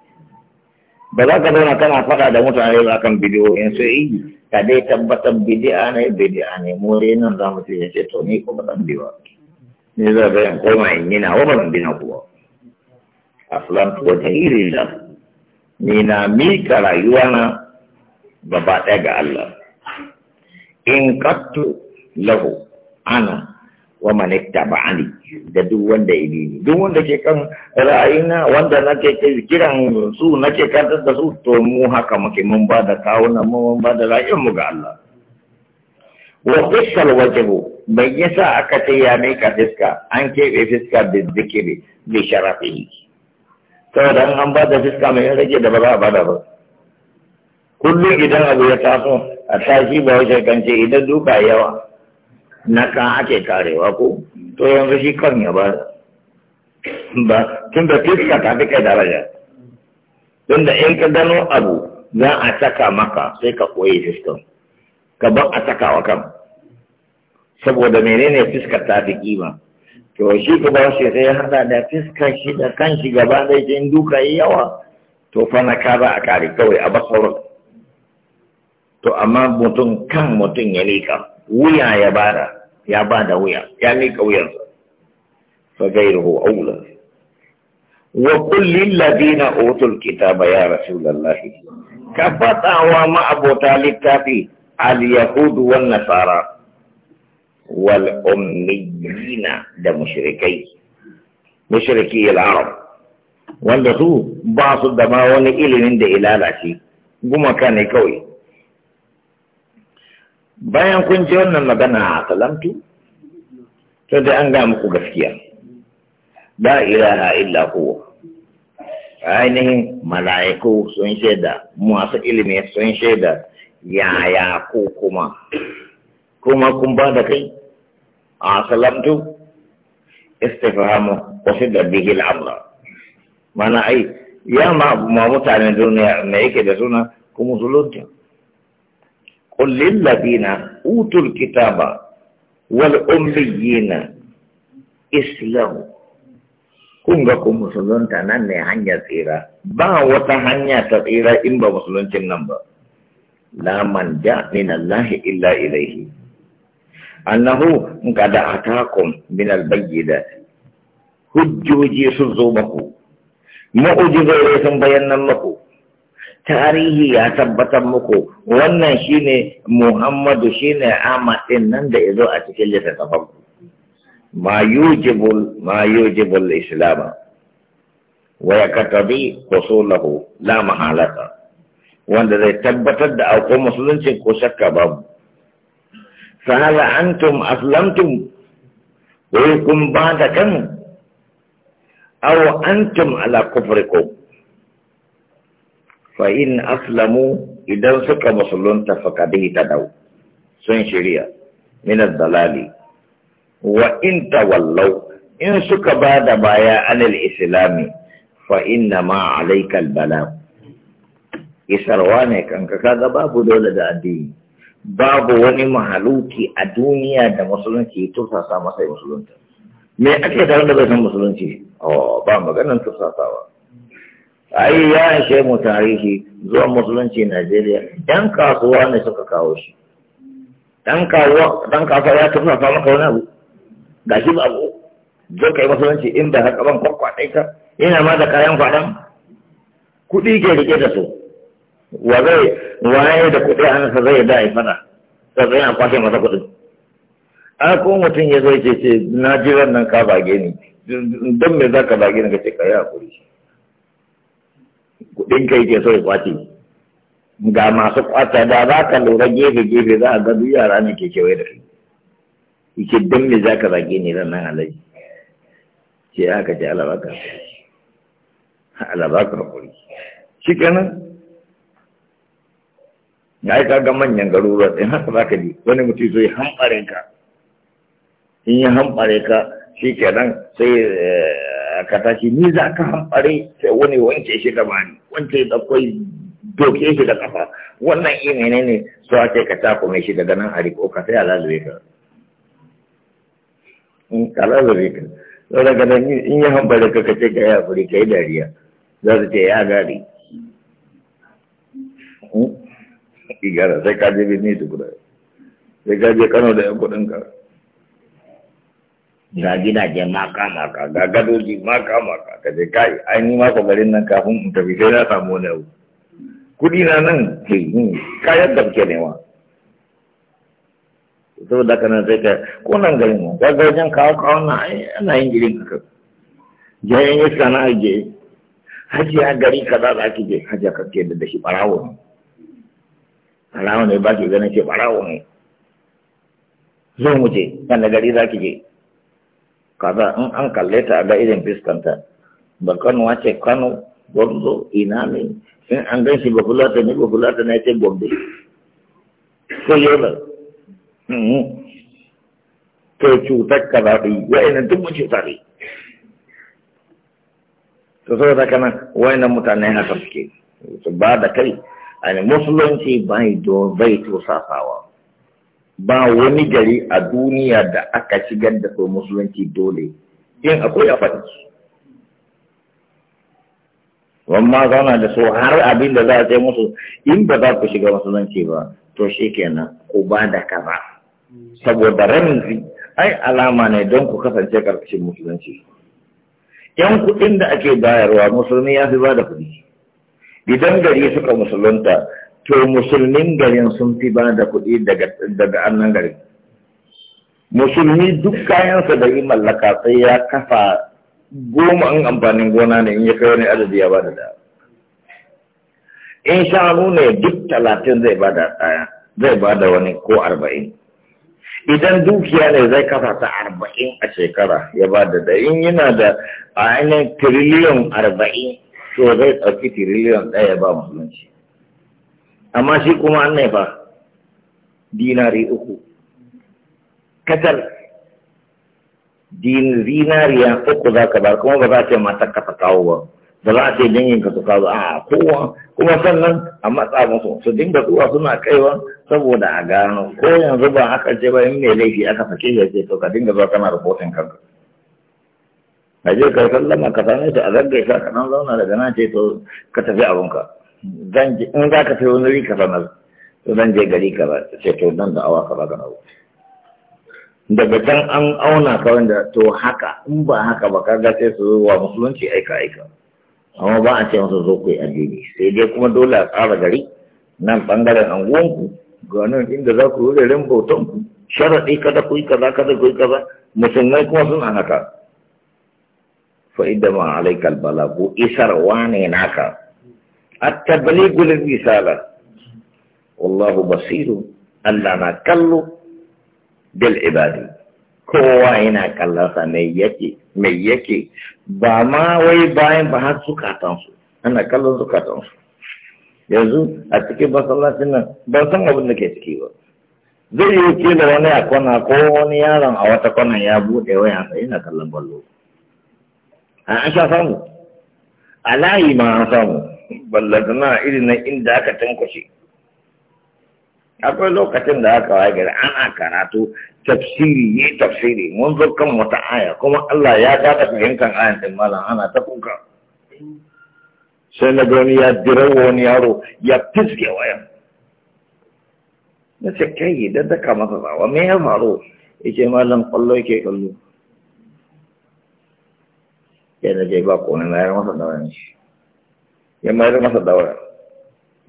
ba za ka zauna kana faɗa da mutane ba kan bidiyoyin sai yi eh, ka dai tabbatar bidi'a ne bidi'a ne mu dai nan za mu ya ce to ni ko ba san biwa ni za ga yan koma in yi na wa ban bi na kuwa aslan to ta iri da ni na mi ka rayuwa na gaba ɗaya ga Allah in qattu lahu ana wa man da duk wanda ya bi duk wanda ke kan ra'ayina wanda nake kiran su nake kantar da su to mu haka muke mun ba da kawunan mu mun ba da ra'ayin mu ga Allah wa qissal wajhu bai yasa aka ce ya mai ka fiska an keɓe fiska da zikiri da sharafi saboda an ba da fiska mai rage da ba za a ba da ba kullum idan abu ya taso a tashi ba wace kance idan duka yawa na ka ake karewa ko to yanzu shi kan ya ba ba tun da fiska ta fi kai daraja tun da in ka gano abu za a saka maka sai ka koyi fiskan ka ban a saka wa kan saboda menene fiskar ta fi kima to shi kuma shi sai ya hada da fiskar shi da kan shi gaba ɗaya in duka yawa to fa na ba a kare kawai a ba sauran? to amma mutum kan mutum ya liƙa wuya ya bara ya bada wuya ya liƙa wuyansa fa gairuhu aula wa qul lil ladina utul kitaba ya rasulullah ka wa ma abu talib littafi al yahudu wan nasara wal ummiyina da mushrikai mushriki al arab wanda su ba su da ma wani ilimin da ilalaci gumaka kane kawai bayan kun ji wannan magana a kalamtu to dai an ga muku gaskiya ila ilaha illa huwa ainihin mala'iku sun shaida masu ilimi sun shaida yaya ku kuma kuma kun ba da kai a salamtu istifhamu qasida bihi al-amra mana ai ya ma mutanen duniya me yake da suna ku musulunta قل للذين أوتوا الكتاب والأميين إسلام كونغا كومسلون تنانني هانيا تيرا با وتهانيا تيرا إمبا مسلون تنانبا لا من جاء من الله إلا إليه أنه قد أتاكم من البيدات هجوجي سرزومكو مؤجد إليكم بيانا لكم tarihi ya tabbatar muku wannan shine Muhammadu shine Ahmad din nan da yazo a cikin littafin ku ma yujibul ma yujibul islam wa yakatabi husulahu la mahalata wanda zai tabbatar da auko musulunci ko shakka babu sahala antum aslamtum wa kun ba da kan aw antum ala kufrikum fa in aslamu idan suka musulunta ta tadau sun shirya Minas dalali wa in tawallau in suka ba da baya anil islami fa inna ma alayka albala isarwa ne kanka kaga babu dole da addini babu wani mahaluki a duniya da musulunci tursasa masa musulunta me ake tare da bai san musulunci oh ba maganar tursasawa ai ya ishe mu tarihi zuwa musulunci Najeriya ɗan kasuwa ne suka kawo shi Dan kasuwa ya tafi fa maka wani abu ga shi ba abu zo kai musulunci inda haka ban kwakwaɗe ka yana ma da kayan fadan. kuɗi ke rike da su wa zai waye da kuɗi an sa zai da ifana sai zai an kwashe masa kuɗin a ko mutum ya zo ce ce na jiran nan ka bage ni don me za ka bage ni ka ce ka yi hakuri kuɗin kai ke so ya kwace ga masu kwata da za ka lura gefe gefe za a ga duk yara ne ke kewaye da kai yake dan me za ka zage ne nan nan alai ce aka ce alabaka alabaka kuri shi kenan na yi kaga manyan garuruwa ɗin haka za ka ji wani mutum zai hamɓare ka in ya hamɓare ka shi kenan sai eh, ka tashi ni za ka hamɓare sai wani wanke shi da bani wanke da kwai doke shi da kafa wannan iya menene so a ce ka ta kuma shi daga nan a riko ka sai a lalube ka in ka lalube ka sau daga nan in ya hamɓare ka ka ce ka yi haƙuri ka yi dariya za su ce ya gari hmm? igara sai ka je birni tukura sai ka je kano da yan kuɗin ka ga gidaje maka maka ga gadoji maka maka ka je kai ai ni ma garin nan kafin in tafi sai na samu wani abu kudi na nan ke yi hmm, kayan da ke nema saboda haka nan sai ka ko nan garin mu ga gajen kawo kawo na ai ana yin girin. haka jayen iska na ajiye hajiya gari kaza za ki je hajiya ka ke da shi barawo ne barawo ne ba ki ganin ce barawo ne zo mu je kan gari za ki je kaza in an kalle ta ga irin fiskanta ba kano wace kano gombe ina ne in an gan shi ba fulata ne ba fulata ne ce gombe ko yola mm-hmm. to cutar ka za ta yi wa'ina duk mu cuta ne to da kana wani mutane haka suke su ba da kai a musulunci bai do bai ba wani gari a duniya da aka shigar da su musulunci dole in akwai a faɗi wamma zauna da su har abin da za a ce musu in ba za ku shiga musulunci ba to shi kenan ku ba da ba saboda ramzi ai alama ne don ku kasance karkashin musulunci yan kuɗin da ake bayarwa musulmi ya fi ba da kuɗi idan gari suka musulunta to musulmin garin sun fi ba da kuɗi daga annan garin musulmi duk kayansa da yi mallaka sai ya kafa goma an amfanin gona ne in ya kai wani adadi ya ba da in shanu ne duk talatin zai ba da ɗaya zai ba wani ko arba'in idan dukiya ne zai kafa ta arba'in a shekara ya ba da in yana da a ainihin tiriliyon arba'in to zai ɗauki tiriliyon ɗaya ba musulunci amma shi kuma an naifa dinari uku katar zinariya uku za ka bar kuma ba za ce matar ka ta kawo ba ba za a ce dangin ka su kawo a kowa kuma sannan a matsa musu su dinga zuwa suna kaiwa saboda a gano ko yanzu ba aka ce ba in mai laifi aka sake ya ce to ka dinga zuwa kana rahoton kanka a je ka sallama ka same su a zaggaisa ka nan zauna daga nan ce to ka tafi abinka zan je in za ka fi wani rika sanar to zan je gari ka sai to nan da awa ka ba gana daga can an auna ka wanda to haka in ba haka ba ka ga sai su zo wa musulunci aika aika amma ba a ce musu zo ku yi addini sai dai kuma dole a tsara gari nan bangaren anguwanku ga nan inda za ku rure rin bautan ku sharaɗi kada ku yi kaza kada ku yi kaza musulmai kuma suna haka fa idda ma alaikal balagu ko isarwa ne naka التبليغ للرسالة والله بصير أننا كل بالعباد ko yana kallarsa mai yake mai yake ba ma wai bayan ba har zukatansu ana kallon zukatansu yanzu a cikin masallacin nan ban san abin da ke ciki ba zai yi wuce da wani a kwana ko wani yaron a wata kwana ya buɗe wayansa yana kallon ballo a an sha samu a layi ma an samu ballantana irin na inda aka tankwashe akwai lokacin da aka waye gari ana karatu tafsiri yi tafsiri mun zo kan wata aya kuma Allah ya gada fahimtar ayan din malam ana ta kuka sai na gani ya dirawa wani yaro ya fiske wayan na ce kai da daka masa zawa me ya faru yake malam kwallo yake kallo yana je ba kone na yi masa da wani shi ya mayar masa daura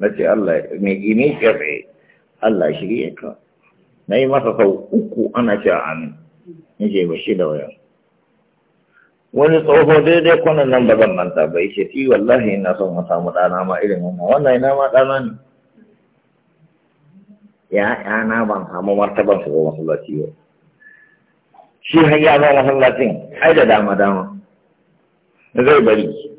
na ce Allah mai ini ƙirƙe eh, Allah shirya ka na yi masa sau uku ana cewa amin in ce ba shi da wani tsoho daidai kwanan nan ba zan manta bai ce ti wallahi ina son a samu ɗana ma irin wannan wannan ina ma ɗana ne ya ɗana ban samu martaban su ba masallaci ba shi har ya ba masallacin ai da dama dama zai bari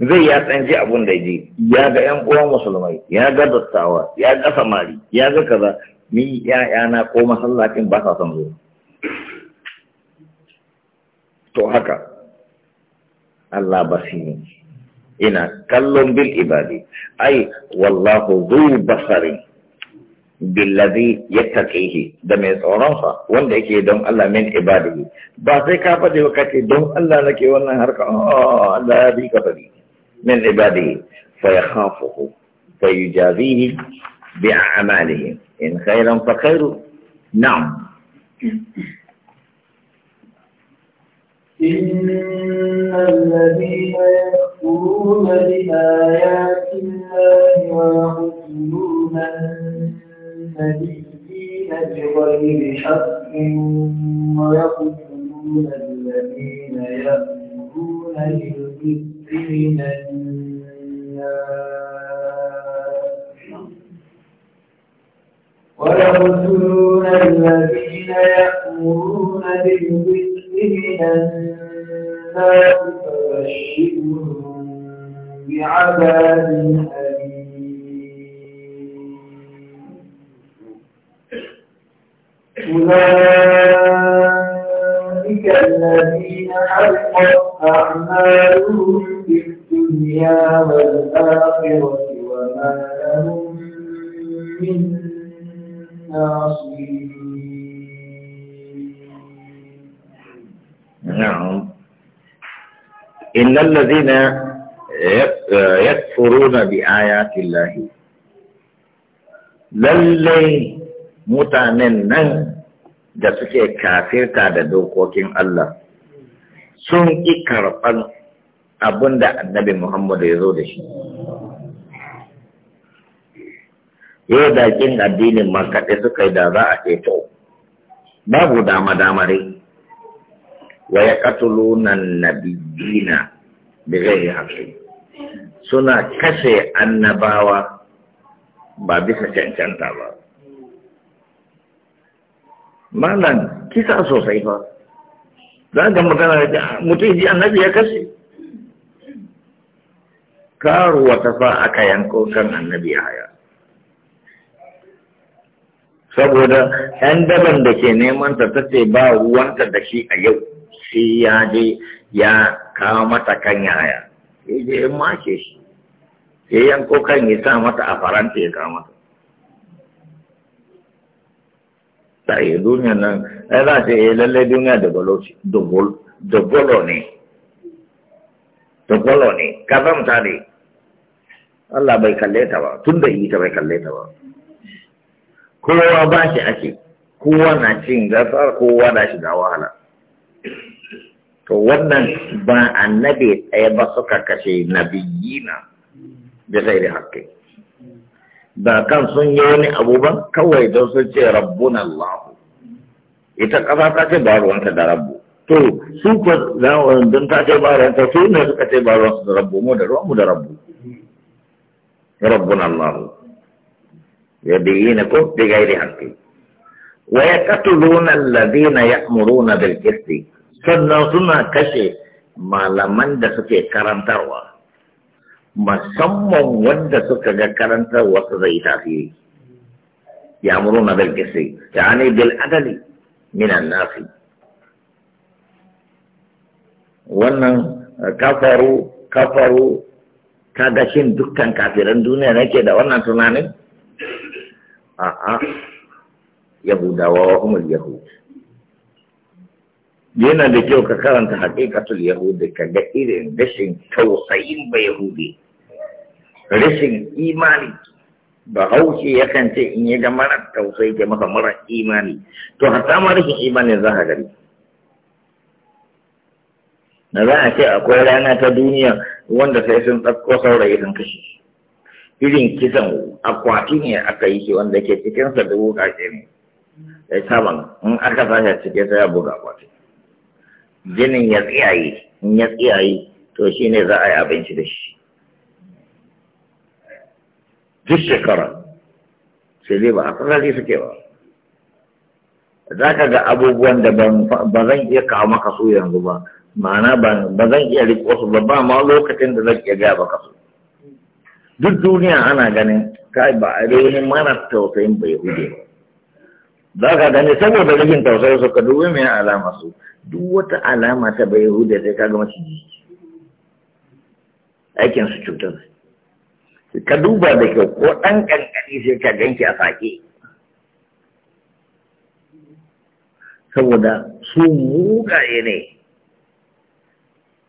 zai ya tsanci abun da je ya ga yan uwan musulmai ya ga dattawa ya ga samari ya ga kaza ni yana ko masallacin ba sa son zuwa to haka Allah basiri ina kallon bil ibadi ai wallahu zu basarin billazi yattaqihi da mai tsoron sa wanda yake don Allah min ibadi ba sai ka faɗi ba kace don Allah nake wannan harka ah, Allah ya bi ka fadi من عباده فيخافه فيجازيه بأعماله إن خيرا فخير نعم إن الذين يكفرون بآيات الله ويقتلون النبيين بغير حق ويقتلون الذين يأمرون بالقسط من الناس ويقتلون الذين يأمرون بالقسط من الناس فبشرهم بعذاب أليم أولئك الذين حبوا الآخرة وما لهم نعم إن الذين يكفرون بآيات الله lallai mutanen nan da suke kafirta da dokokin Allah sun ƙi karɓar abin da annabi Muhammadu ya zo da shi. yau da kin addinin ma kaɗai suka yi da za a ce to babu dama damare wa ya katulu katulunan nabiyina da zai haƙƙi suna kashe annabawa ba bisa cancanta ba malam kisa sosai fa za ga magana da mutum ji annabi ya kashe karuwa ta fa aka yanko kan annabi ya haya saboda ɗan daban da ke neman ta ta ce ba ruwanta da shi a yau shi ya je ya kawo mata kan yaya ya je ya mace shi ya yanko kan ya sa mata a faranta ya kawo mata ta yi duniya nan ɗan za ta yi eh, lallai duniya da bolo ne da ne ka zamta ne Allah bai kalle ta ba tun da yi ta bai kalle ta ba kowa ba shi ake kowa na cin gasar kowa na shiga wahala to wannan ba annabi ɗaya ba suka kashe nabiyina da sai da haƙƙi ba kan sun yi wani abu ba kawai don sun ce rabbun Allah ita ƙasa ta ce ba ruwanta da rabbu to su ko don ta ce ba ruwanta su ne suka ce ba su da rabbu mu da ruwanmu da rabbu rabbun Allah يدينكم بغير Wai ويقتلون الذين يأمرون بالقسط sannan suna kashe malaman da suke karantawa, musamman wanda suka ga karantarwa su zai tasiri ya muru na bilkisi bil adali wannan kafaru kafaru gashin dukkan kafiran duniya nake da wannan tunanin a'a yahudawa wa humul yahud yana da kyau ka karanta haƙiƙatul yahudi ka ga irin rashin tausayin ba yahudi rashin imani ba haushe yakan ce in yi ga mara tausayi ke maka mara imani to hatta ma rashin imani za a gari na za a ce akwai rana ta duniya wanda sai sun tsakko saurayi sun kashe irin kisan akwati ne aka yi shi wanda ke cikinsa dubu kashe ne da saban in aka sashi cikin sa ya buga akwati jinin ya tsiyaye in ya tsiyaye to shi ne za a yi abinci da shi duk shekara sai dai ba a fasali suke ba za ka ga abubuwan da ba zan iya kawo maka su yanzu ba ma'ana ba zan iya riƙo su ba ba ma lokacin da zan iya gaya ba su duk duniya ana ganin kai ba a wani mana tausayin bai hude za ka gani saboda rikin tausayi su ka dubi mai alama su duk wata alama ta bai hude sai ka gama shi aikin su cutar ka duba da kyau ko ɗan ƙanƙani sai ka ganki a sake saboda su mugaye ne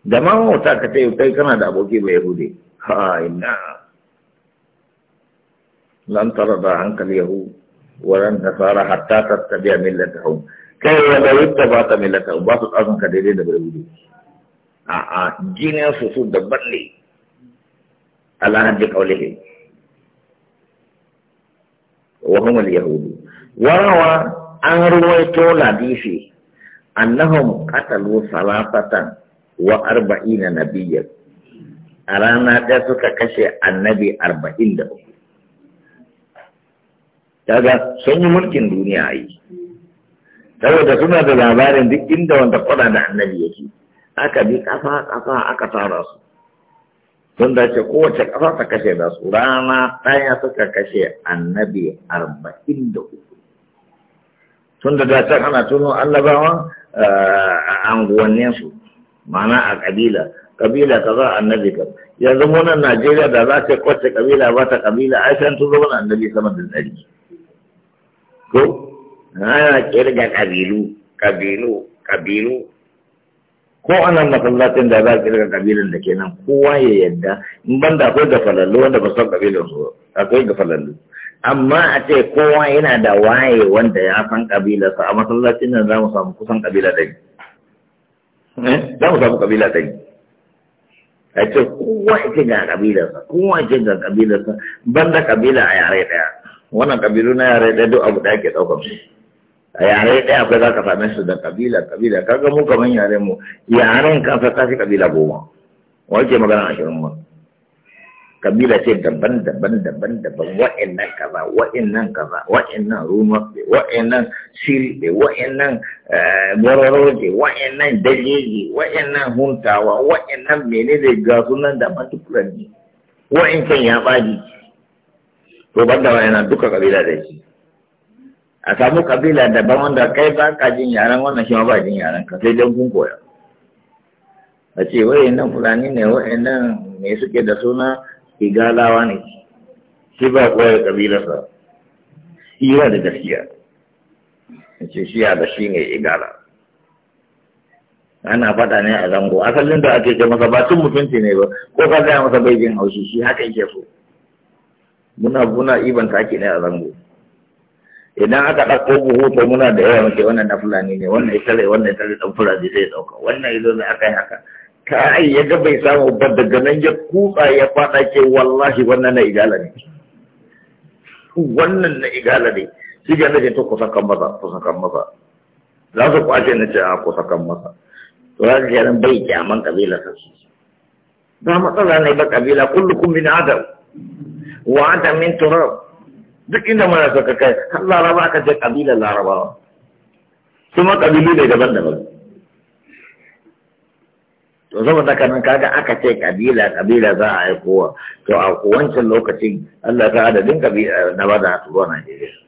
da ma ka ka ce kai kana da aboki bai hude ha ina lan tarda anka al-yahud wa lan nasara hatta tattabi'a millatahum kai wa law ittaba'ta millatahum ba su tsarin ka daidai da barbudu a a jinin su su daban ne ala haddi qawlihi wa hum al-yahud wa rawa an ruwaito ladisi annahum qatalu salatatan wa arba'ina nabiyyan a rana ɗaya suka kashe annabi arba'in da uku kaga sun yi mulkin duniya a yi saboda suna da labarin duk inda wanda kwada da annabi yake aka bi kafa kafa aka tara su sun dace kowace kafa ta kashe da su rana ɗaya suka kashe annabi arba'in da uku tun da dace ana tuno annabawa eh, a anguwanninsu ma'ana a ƙabila kabila za annabi ka. yanzu munan Najeriya da za ta kwace kabila ba ta kabila ai san annabi sama da dari ko ana kirga kabilu kabilu kabilu ko anan masallacin da za a kirga kabilun da kenan, kowa ya yadda in ban da akwai gafalallu wanda ba san kabilun su akwai gafalallu amma a ce kowa yana da waye wanda ya san kabilarsa a masallacin nan za mu samu kusan kabila ɗari eh? za mu samu kabila ni a ce kowa ya ga kabilarsa kowa ita ga kabilarsa ban da kabila a yare ɗaya wannan kabilu na yare ɗaya duk abu ɗaya ke ɗaukar su a yare ɗaya akwai za ka same su da kabila kabila kaga mu kamar yare mu yaren kansa ta fi kabila goma wace magana ashirin ma kabila ce daban daban daban daban wa'annan kaza wa'annan kaza wa'annan ruma ce wa'annan shiri ce wa'annan eh, gororo ce wa'annan dajeji wa'annan huntawa wa'annan menene ga sunan da particular ne wa'ancan ya ce to da wani na duka kabila da shi a samu kabila daban wanda kai ba ka jin yaran wannan shi ma ba jin yaran ka sai dan kun koya a ce wai nan fulani ne wai nan me suke da suna igalawa ne shi ba koyar kabilarsa hira da gaskiya a ce shi da shi ne igala ana faɗa ne a zango asalin da ake ce masa ba tun mutunci ne ba ko ka gaya masa bai jin haushi shi haka yake so muna buna iban taki ne a zango idan aka ɗauko buhu to muna da yawa muke wannan na fulani ne wannan ita zai wannan ita zai ɗan fulani zai ɗauka wannan izo zai aka yi haka ai ya ga bai samu ba daga nan ya kutsa ya faɗa ce wallahi wannan na igala ne wannan na igala ne shi ga nake to kusa kan maza kusa kan maza za su kwace na ce a kusa kan maza to za ka ga bai kyaman kabila sa ba matsala ne ba kabila kullukum min adam wa anta min turab duk inda mana so ka kai har laraba ka je kabilar larabawa kuma ma kabilu ne daban-daban to saboda kan kaga aka ce kabila kabila za a yi kowa, to a wancan lokacin Allah ta adadin kabila eh, na bada a turo Najeriya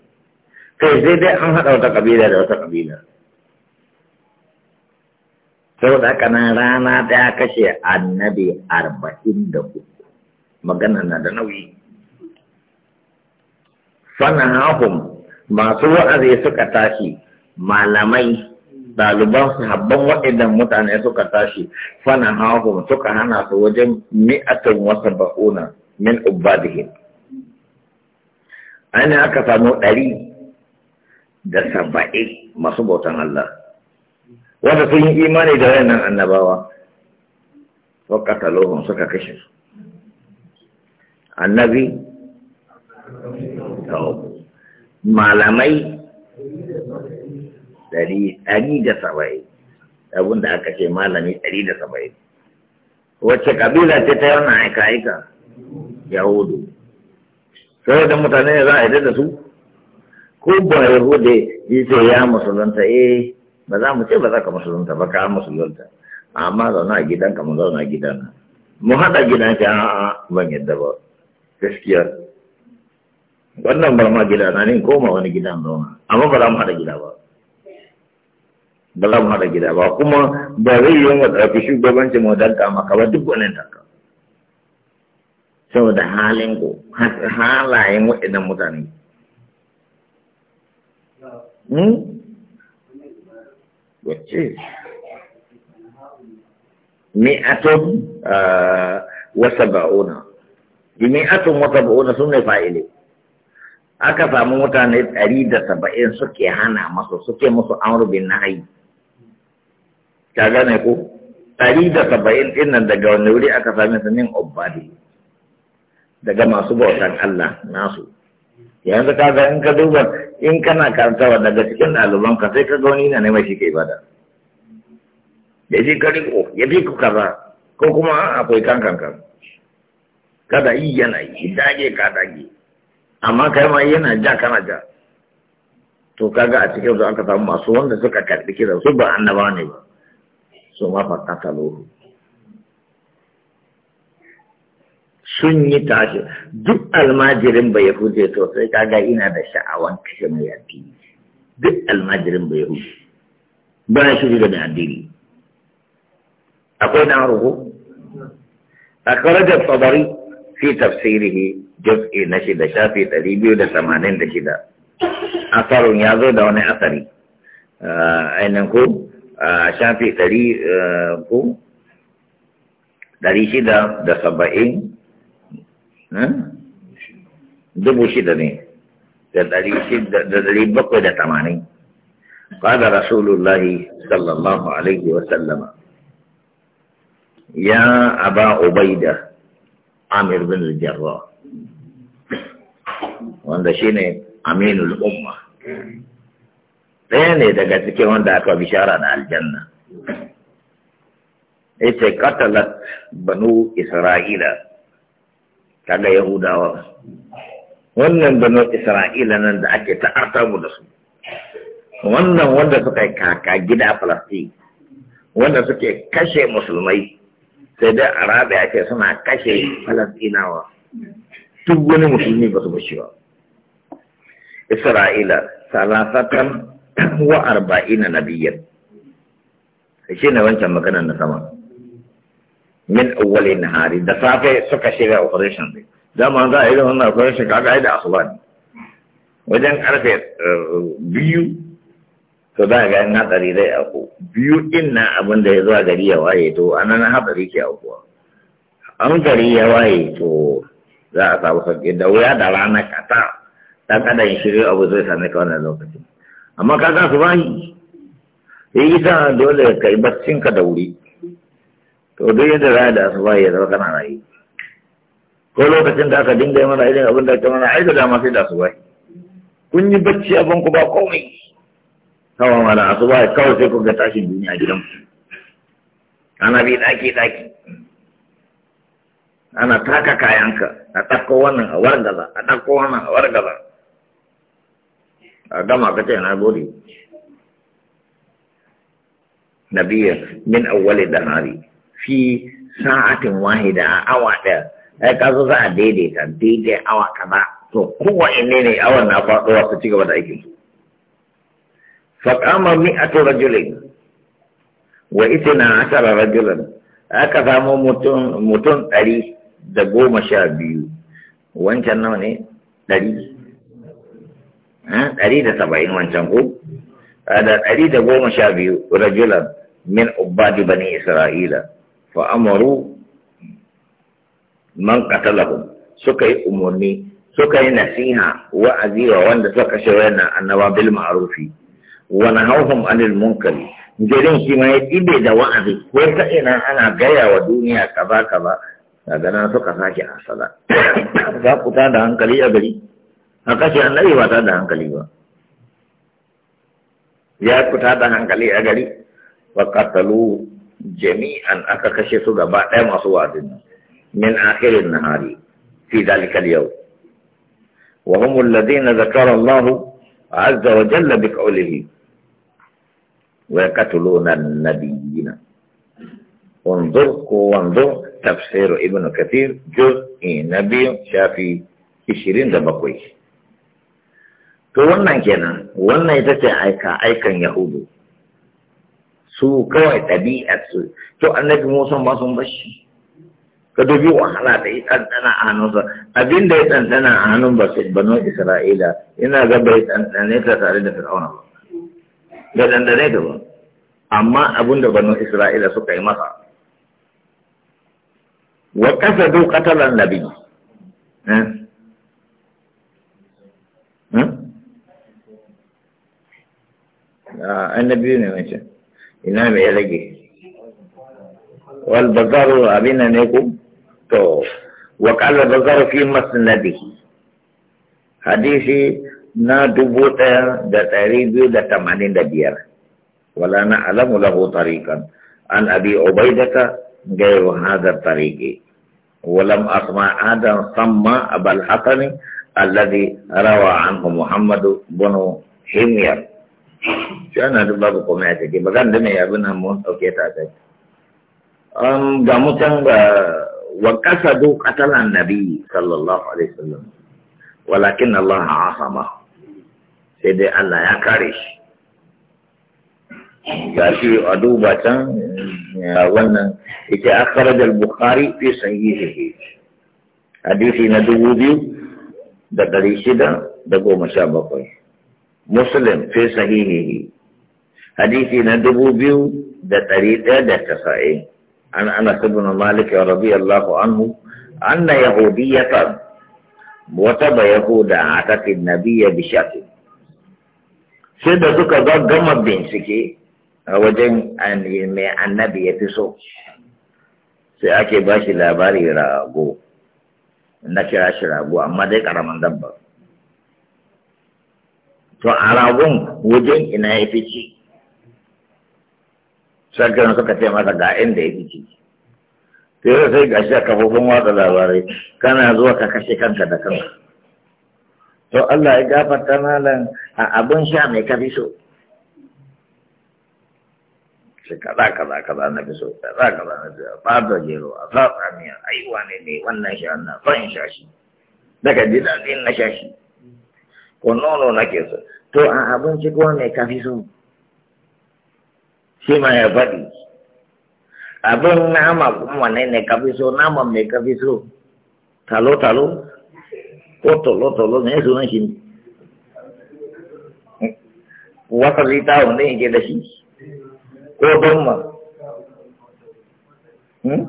kai sai dai an haɗa wata kabila da wata kabila saboda haka nan rana ta kashe annabi arba'in da uku magana na da nauyi fanahum masu wa'azi suka tashi malamai ɗaliban sahabban waidan mutane suka tashi fanahum suka hana su wajen mi'atan wasa ba'una min ubadihim ana aka samu ɗari da saba'i masu bautan Allah wanda sun yi imani da wayannan annabawa wa qataluhum suka kashe su annabi malamai dari da saba'in abin da aka ce malami dari da saba'in wacce kabila ce ta yana aika-aika yahudu sai da mutane za a yi da su ko ba yahude yi ce ya musulunta eh ba za mu ce ba za ka musulunta ba ka musulunta amma zauna a gidanka mu zauna a gidana mu haɗa gidan ce a'a ban yadda ba gaskiya wannan bar ma gida na ne koma wani gidan zauna amma ba za mu haɗa gida ba ba za mu haɗa gida ba kuma ba zai yi wa ɗarfi shugabanci, mu danka maka ba duk wani danka saboda halin ku halayen waɗannan mutane hmm? wacce mi'atun ah, wasa ba'una mi'atun wasa ba'una sun ne fa'ile aka samu mutane ɗari da saba'in suke hana masu suke musu amru bin nahayi ka gane ko ɗari da saba'in ɗin nan daga wani wuri aka sami su min obadi daga masu bautan Allah nasu yanzu ka ga in ka duba in kana karantawa daga cikin ɗaliban ka sai ka ga wani na neman shi ka ibada da shi ka riko ya fi ku kaza ko kuma akwai kankan kan kada yi yana yi dage ka dage amma kai ma yana ja kana ja to kaga a cikin su aka samu masu wanda suka karbi kiran su ba annaba ne ba su ma fakata lohu sun yi tashi duk almajirin bai huje to sai kaga ina da sha'awan kashe mai addini duk almajirin bai huje ba ya shi da mai addini akwai na ruhu a karajar tsabari fi tafsirihi juz'i na shida shafi ɗari biyu da tamanin da shida asarun ya zo da wani asari ainihin ko shafi ɗari ku? ɗari shida da saba'in dubu shida ne da ɗari bakwai da tamanin قال رسول الله صلى الله Ya وسلم يا أبا عبيدة عامر بن الجراح wanda shine aminul umma ɗaya ne daga cikin wanda aka bishara da aljanna Ita katalat banu isra'ila kaga yahudawa wannan banu isra'ila nan da ake ta'arta mu da su wannan wanda suka yi kaka gida falasti wanda suke kashe musulmai sai dai arabiya ce suna kashe falastinawa duk wani musulmi ba su bashi ba isra'ila salasatan wa arba'ina nabiyyar shi ne wancan maganar na sama min awwalin hari da safe suka shirya operation din dama za a yi da wannan operation kaga ai da asuba ne wajen karfe eh, biyu to za a ga na tsari zai aku biyu din na abin da ya zuwa gari ya waye to a nan hatsari ke aukuwa an gari ya waye to za a samu sauƙi da wuya da rana kata dan adam shirin abu zai sami ka wannan lokaci amma ka ga su bayi yi ita dole ka yi baccin ka da wuri to duk yadda za da su bayi ya zama kana rayu ko lokacin da aka dinga yi mana irin abin da ake mana ai da masu sai da su bayi kun yi bacci abin ku ba komai kawai mana a su bayi kawai sai ku ga tashin duniya ku. ana bi daki daki ana taka kayanka a ɗauko wannan a wargaza a ɗauko wannan a wargaza a gama ka ce na gode nabiya min awwali nari fi sa'atin wahida a awa ɗaya ai ka zo za a daidaita daidai awa kaza to kowanne ne awan na faɗo su ci gaba da aikin su mi mi'atu rajulin wa itina ashara rajulan aka samu mutum ɗari da goma sha biyu wancan nawa ne ɗari ɗari da saba'in wancan ko da ɗari da goma sha biyu rajulan min ubadi bani isra'ila fa amaru man qatalahum suka yi umarni suka yi nasiha wa'azi wa wanda suka kashe wayannan annaba bil ma'rufi wa nahawhum anil munkari gidan shi ma ya ɗibe da wa'azi ko ta ina ana gaya wa duniya kaza kaza daga nan suka sake a hasala za ku ta da hankali a gari a kashe annabi ba ta da hankali ba ya ku ta da hankali a gari wa qatalu jami'an aka kashe su gaba ɗaya masu wa'azin min na nahari fi dalika al-yawm wa hum alladhina zakara Allah azza wa jalla bi qawlihi wa yaqtuluna an-nabiyina wanzur ku wanzur tafsir ibn kathir juz'i na shafi ishirin da bakwai to wannan kenan wannan ita ce aika aikan yahudu su kawai ɗabi'arsu to annabi musa ba sun bashi ka dubi wahala da ya ɗanɗana a hannunsa abin da ya ɗanɗana a hannun banu isra'ila yana ga bai ɗanɗane ta tare da fir'auna ba da ɗanɗane ta ba amma isra'ila suka yi masa وقصدوا قتل النبي ها ها آه، النبي نمشي إنام يلقي والبزار أبينا نيكم تو وقال البزار في مسنده حديثي نا دبوتا دا تاريبي دا تمانين دا ولا نعلم له طريقا عن أبي عبيدة غير هذا الطريق ولم أسمع آدم سمى أبا الحسن الذي روى عنه محمد بن حمير شأن هذا باب قمعتك بغان دمي أبنها مون أوكي تاتك أم دمتن وقصدوا قتل النبي صلى الله عليه وسلم ولكن الله عصمه سيدي الله يا كارش ga shi a duba can wannan yake akhraj al-bukhari fi sahihi. hadisi na dubu biyu da ɗari shida da goma sha bakwai muslim fi sahihi. hadisi na dubu biyu da ɗari ɗaya da tasa'i an ana ibn malik allahu anhu An ya yahudiyatan wata ba yahuda atatin nabiyya bi bishafi sai da suka ga gama bincike a wajen mai annabi ya fi so sai ake ba shi labari rago na kira shi rago amma dai karamin dabba to a ragon wajen ina ya fi ci sarkin suka ce masa ga inda ya fi ci sai sai ga shi a kafofin watsa labarai kana zuwa ka kashe kanka da kanka to Allah ya gafarta malam a abin sha mai kafi so sai kaza kaza kaza na fi so kaza kaza na fi so ba da jero a za a miya ai wane ne wannan shi wannan son sha shi daga ji daɗin na sha shi ko nono na ke so to a abinci kuma mai kafi so shi ma ya faɗi abin nama kuma wane ne kafi so nama mai kafi so talo talo ko tolo tolo ne sunan shi wasali ta wanda yake da shi ko damma hmm?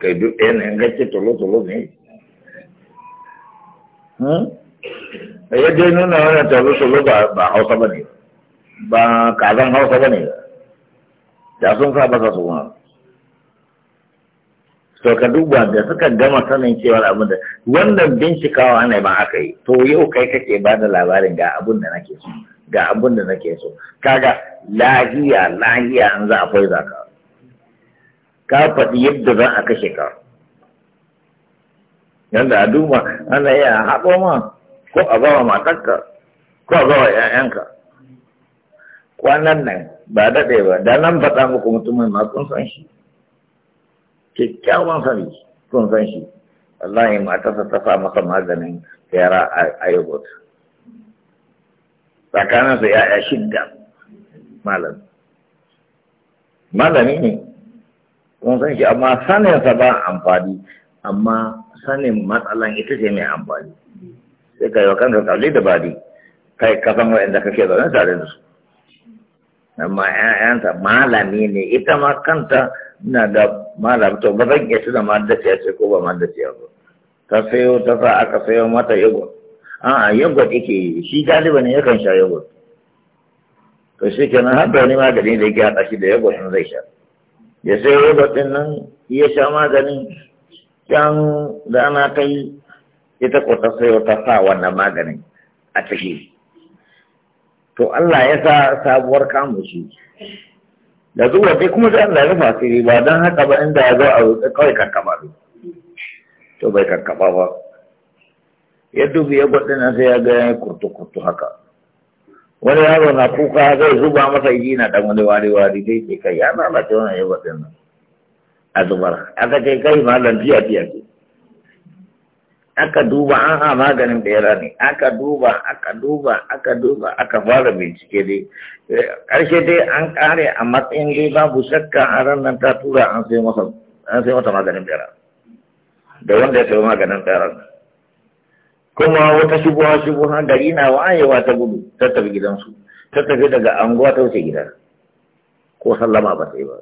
kai duk ɗaya na yankace tolo-tolo ne hmm? ya dai nuna wannan tolo-tolo ba hausa ba ne ba kazan hausa ba ne da sun sa sa su ma to ka duba da suka gama sanin cewa abin da wannan bincikawa ne ba aka yi to yau kai kake ba da labarin ga abin da nake so ga abin da nake so kaga lahiya lahiya an za a fai zaka ka faɗi yadda za a kashe ka yadda a duba ana iya haɓo ma ko a bawa matarka ko a bawa 'ya'yanka kwanan nan ba daɗe ba da nan faɗa muku mutumin ma kun san shi kyakkyawan sani kun san shi wallahi matarsa ta sa masa maganin yara a yogurt tsakanin su ya'ya shidda malam malami ne kuma san shi amma sanin sa ba amfani amma sanin matsalan ita ce mai amfani sai ka yi wa kanka kalli da badi kai ka san wa'anda kake zaune tare da su amma ‘ya'yanta malami ne ita ma kanta na da malami to ba zan iya tuna ma da ce ko ba ma da ce ba ta sayo ta sa aka sayo mata yago a'a yogurt yake yi shi galiba ne yakan sha yogurt to shi kenan har da wani magani da yake haɗa shi da yogurt ɗin zai sha ya sai yogurt ɗin nan ya sha maganin can da ta yi ita ko ta sayo ta sa wannan maganin a ciki to Allah ya sa sabuwar kamu shi da zuwa dai kuma sai Allah ya rufa ba don haka ba inda ya zo a rutsa kawai kakkaba to bai kakkaba ba ya dubi ya gwaɗi na sai ya ga ya kurtu-kurtu haka wani yaro na kuka zai zuba masa yi na ɗan wani wari-wari dai ke kai ya lalace wannan ya gwaɗi na a zubar aka ce kai malam biya biya ce aka duba an ha maganin bera ne aka duba aka duba aka duba aka fara bincike dai karshe dai an kare a matsayin dai babu shakka a ranar ta tura an sai mata maganin bera da wanda ya sai maganin bera kuma wata shubuwa shubuwa gari na wayewa ta gudu ta tafi gidansu ta tafi daga anguwa ta wuce gida ko sallama ba ta yi ba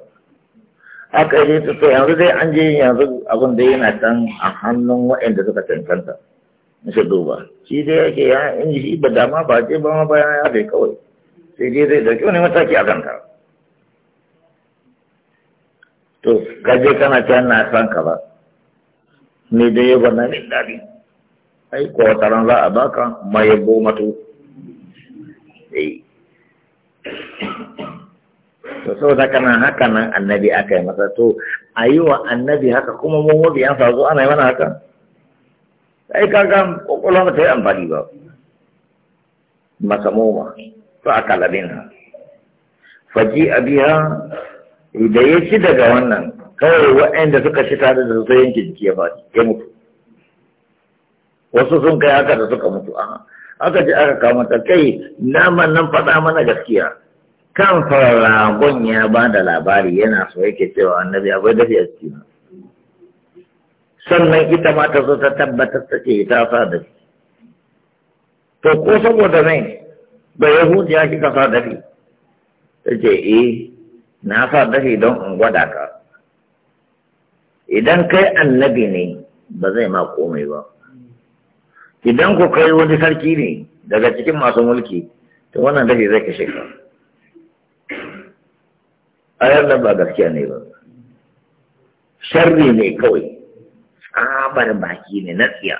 aka yi ta so yanzu dai an je yanzu abin da yana can a hannun waɗanda suka cancanta nisa duba shi dai yake ya in shi ba dama ba ce ba ma bayan ya bai kawai sai dai zai dauki wani mataki a kanta to je kana can na san ka ba me dai ya ne daɗi ai ko wata za a baka mai gomatu eh to so da kana haka nan annabi aka yi masa to ayiwa annabi haka kuma mun wabi an fazo ana yi mana haka ai kaga kokolon ta yi amfani ba masamoma to aka ha faji abiya da ya daga wannan kawai wa'anda suka shi tare da zuwa yankin jiki ya faɗi ya mutu wasu sun kai haka da suka mutu a aka ce aka kawo mata kai naman nan faɗa mana gaskiya kan ragon ya ba da labari yana so yake cewa annabi akwai dafi a cikin sannan ita ma ta zo ta tabbatar ta ce ta sa dafi to ko saboda mai ba yahudi ya kika sa dafi ta ce eh na sa dafi don in gwada ka idan kai annabi ne ba zai ma komai ba idan ku kai wani sarki ne daga cikin masu mulki to wannan dafi zai kashe ka ayar nan ba gaskiya ne ba sharri ne kawai tsabar baki ne na tsiya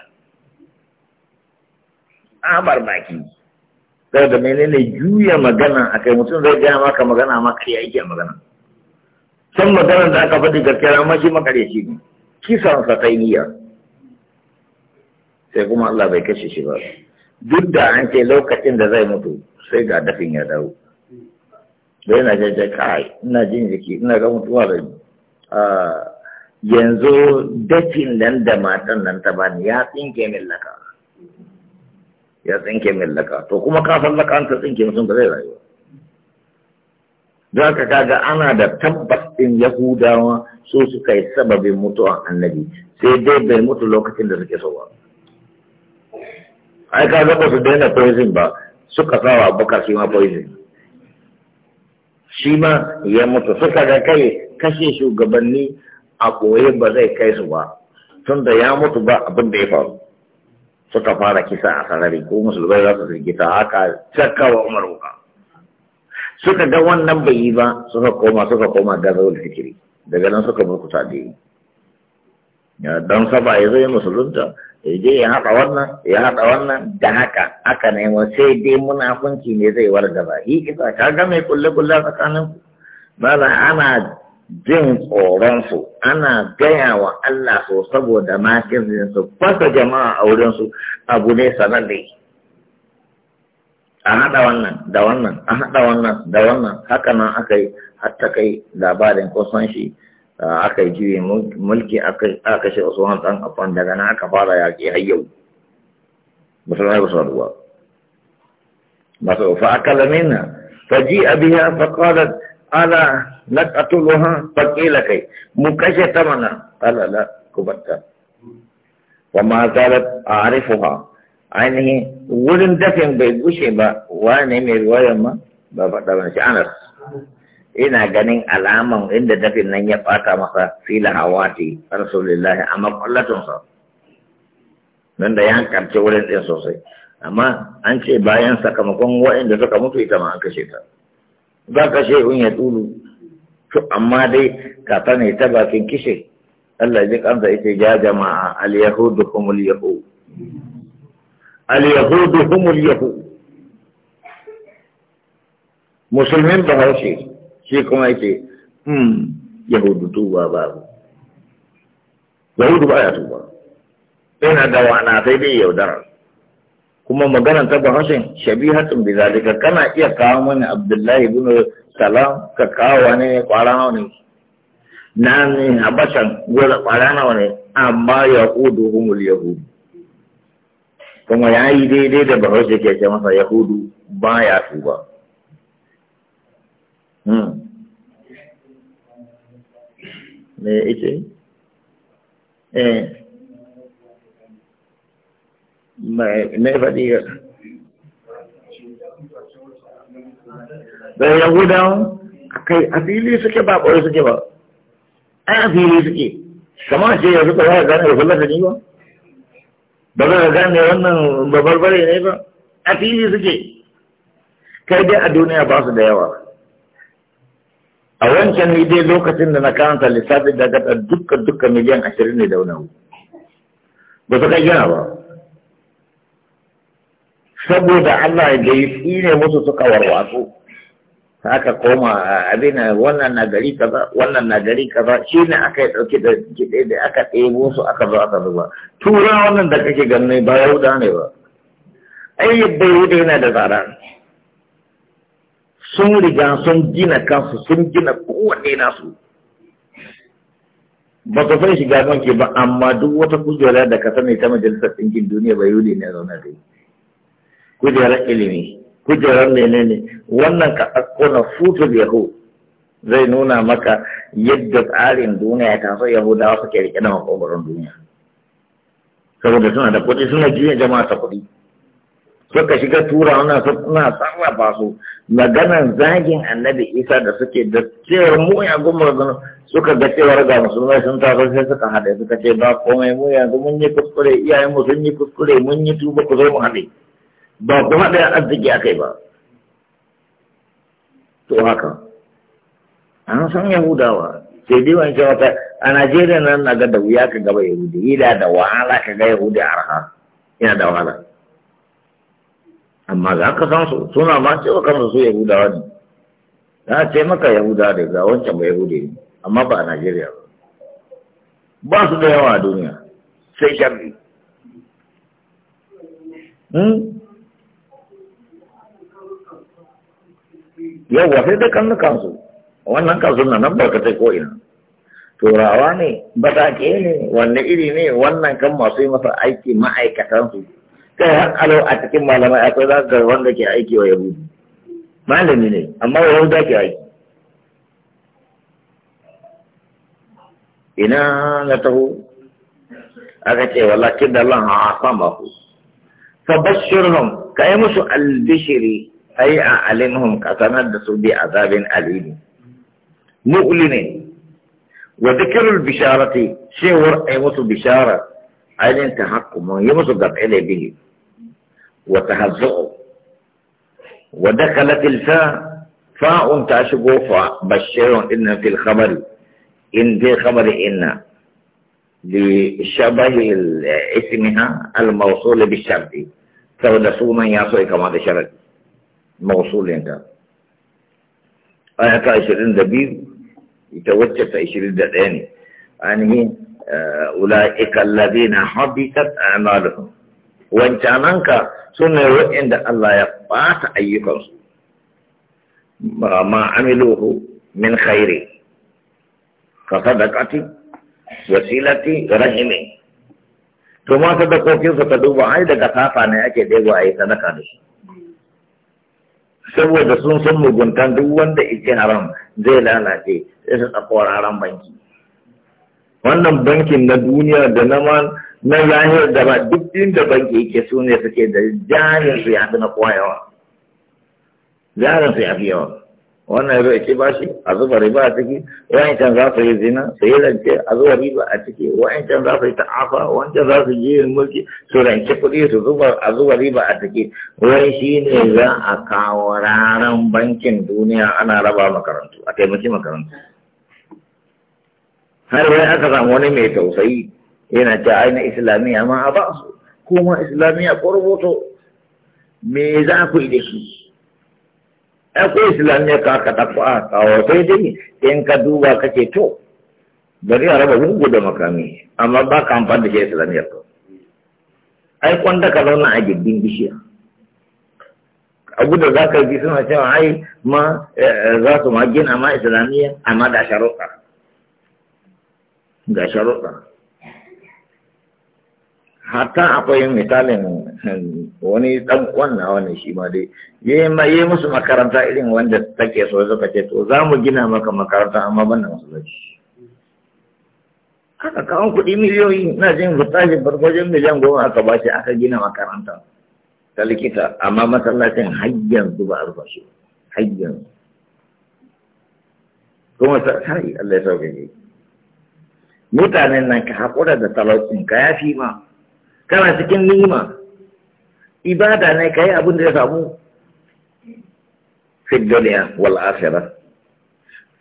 tsabar baki sai da menene juya magana a kai mutum zai gaya maka magana ma kai yake magana san magana da aka faɗi gaskiya amma shi shi ne kisan sa ta niyya sai kuma Allah bai kashe shi ba duk da an ce lokacin da zai mutu sai ga dafin ya dawo da yana jajja kai ina jin jiki ina ga mutuwa da yanzu dafin nan da matan nan ta bani ya tsinke min laka ya tsinke min laka to kuma ka san laka an ta tsinke mutum ba zai rayuwa don haka kaga ana da tabbas din yahudawa su suka yi sababin mutuwan annabi sai dai bai mutu lokacin da suke so ba ai ka ga su daina poison ba suka wa baka shi ma poison shi ma ya mutu suka ga kai kashe shugabanni a koye ba zai kai su ba tun da ya mutu ba abin da ya faru suka fara kisa a sarari ko musulmai za su ta haka cakka wa umar wuka suka ga wannan bai yi ba suka koma suka koma gazo da fikiri daga nan suka murkuta da yi don saba ya zai musulunta je ya haɗa wannan ya haɗa wannan da haka aka nemo sai dai munafunci ne zai wargaza yi kisa ka ga mai kulle-kulle tsakanin ku bala ana jin tsoron su ana gaya wa Allah so saboda makirin su fasa jama'a a wurin su abu ne sananne a haɗa wannan da wannan a haɗa wannan da wannan haka nan aka yi har ta kai labarin kusan shi aka yi juye mulki aka kashe Usman dan Affan daga nan aka fara yaƙi har yau musulmai ba su ruwa ba su fa akala minna faji'a biha fa qalat ala naqatuluha fa qila kai mu kashe ta mana ala la kubatta wa ma zalat a'rifuha ainihin wurin dafin bai gushe ba wane mai ruwayar ma ba faɗa ba shi anas ina ganin alaman inda dafin nan ya fata masa fila hawati rasulullahi a makwallatunsa don da ya karce wurin ɗin sosai amma an ce bayan sakamakon wa'inda suka mutu ita ma an kashe ta za kashe in ya tulu to amma dai ta ne ta bakin kishe Allah ji kansa ita ya jama'a al-yahudu humul yahud al-yahudu humul yahud musulmin bahaushe shi kuma yake hmm yahudu tuba babu yahudu ba ya tuba Ina da na sai dai yaudara kuma maganar ta bahashin shabihatun bi zalika kana iya kawo mana abdullahi ibn salam ka kawo ne kwara ne na ne habashan gwada kwara nawa ne amma yahudu humul yahudu kuma ya yi daidai da bahaushe ke ce masa yahudu ba ya tuba Hmm. me ita eh mai faɗi ga da yahudawan kai a fili suke ba ɓoye suke ba ai a fili suke kama ce yanzu ba za ka gane da kullata ni ba ba za ka gane wannan babarbare ne ba a fili suke kai dai a duniya ba su da yawa a wancan ni dai lokacin da na karanta lissafin da gada dukkan dukkan miliyan ashirin ne da wani ba su kai gina ba saboda Allah da ya ne musu suka warwatsu haka koma abin wannan na gari kaza wannan na gari kaza shi ne aka yi ɗauki da gide da aka ɗebo su aka zo aka zuba tura wannan da kake ganin ba yauda ne ba ai yadda yauda yana da tsara sun riga sun gina kansu sun gina kowanne nasu ba ka san shiga banki ba amma duk wata kujera da ka sani ta majalisar ɗinkin duniya ba yuli ne zaune da kujerar ilimi kujerar ne. wannan ka ɗauko na futul yahud zai nuna maka yadda tsarin duniya ta so yahudawa suke rike da makogoron duniya saboda suna da kuɗi suna juya jama'a ta kuɗi suka shiga tura su suna sarrafa su maganan zagin annabi isa da suke da cewar mu yanzu mu suka ga cewar ga musulmai sun taso sai suka haɗe suka ce ba komai mu yanzu mun yi kuskure iyayen sun yi kuskure mun yi tuba ku zo mu haɗe ba ku haɗe arziki kai ba to haka an san yahudawa sai dai cewa wata a najeriya nan na ga da wuya ka gaba yahudi yana da wahala ka ga yahudi arha yana da wahala amma za ka san su suna ma cewa kansu su yahudawa ne na ce maka yahuda da ga wancan ba yahudi ne amma ba a najeriya ba ba su da yawa a duniya sai sharri hmm? yawwa sai da kansu wannan kansu na nan barka ko ina turawa ne baƙaƙe ne wanne iri ne wannan kan masu yi masa aiki ma'aikatansu kai har kalau a cikin malamai akwai za ga wanda ke aiki wa yahudi malami ne amma wa yahuda ke aiki ina na taho aka ce walakin da Allah a sama ku fa bashirhum kai musu albishiri ai a alimhum ka sanar da su bi azabin alimi mu'limi wa dhikrul bisharati shewar ai musu bishara ainihin tahakkumun yi musu gatsile bihi وتهزؤه ودخلت الفاء فاء تعشقه فبشر إن في الخبر إن في خبر إن لشبه اسمها الموصول بالشرط سوى سونا كما ذكرت شرط موصول انت يعني. آية 20 دبيب يتوجه 20 دبيب يعني آه، أولئك الذين حبست أعمالهم wancananka su ne waɗanda Allah ya ɓata ayyukansu ba ma amiluhu min khairi ka sadaqati wasilati rahimi to ma sadakokin su ta duba ai daga safa ne ake dego ayi sadaka da shi saboda sun san muguntan duk wanda yake haram zai lalace sai su tsakowar haram banki wannan bankin na duniya da na man na zahir da ba duk inda banki yake su ne suke da jarin su ya fi na kowa yawa jarin su ya fi yawa wannan yau ce ba shi a zuba riba a ciki can za su yi zina su yi rance a zuba riba a ciki can za su yi ta'afa wancan za su yi mulki su rance kuɗi su zuba a zuba riba a ciki wai shi ne za a kawo raran bankin duniya ana raba makarantu a taimaki makarantu har wai aka samu wani mai tausayi yana ta aina islamiyya ma a ba su kuma islamiyya ko rubutu me za ku yi da shi akwai islamiyya ka ka tafi a kawo sai dai in ka duba ka ce to bari a raba gungu da makami amma ba ka amfani da shi islamiyya ko ai kwanda ka zauna a gindin bishiya abu da za ka ji suna cewa ai ma eh, eh, za su ma gina ma islamiyya amma da sharuɗa ga sharuɗa hatta akwai misalin hmm, wani dan wannan wani shi ma dai yayi ma yayi musu makaranta irin wanda take so suka ce to za mu gina maka makaranta amma masu masallaci aka kawo kuɗi miliyoyi na jin fitashi farfajin miliyan goma aka shi aka gina makaranta ta likita amma masallacin hajjan yanzu ba a rufa shi yanzu kuma sai Allah ya sauke mutanen nan ka haƙura da talaucin ka yafi ma kana cikin ni'ima ibada ne kai abin da ya samu fi duniya wal akhirah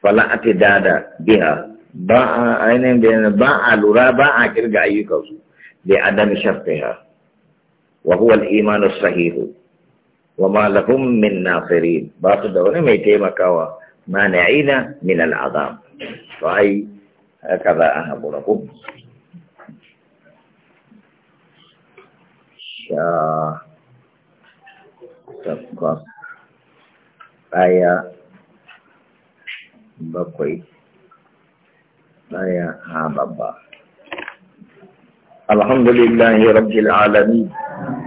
fala atidada biha ba a ainihin da ba a lura ba a kirga su da adam shafiha wa huwa al-iman as-sahih wa ma lahum min nafirin ba su da wani mai taimakawa mana'ina min al-azab fa ai هكذا أنا أقول لكم sha takwas ɗaya bakwai ɗaya ha babba alhamdulillahi rabbil alamin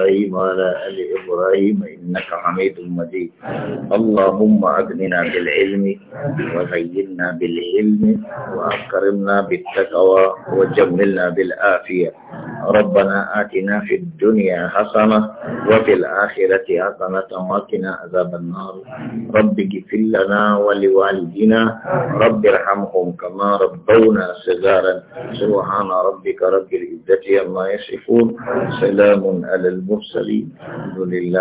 إبراهيم وعلى آل إبراهيم إنك حميد مجيد اللهم أغننا بالعلم وزينا بالعلم وأكرمنا بالتقوى وجملنا بالعافية ربنا آتنا في الدنيا حسنة وفي الآخرة حسنة وقنا عذاب النار رب اغفر لنا ولوالدنا رب ارحمهم كما ربونا صغارا سبحان ربك رب العزة عما يصفون سلام على المؤمنين المرسلين الحمد لله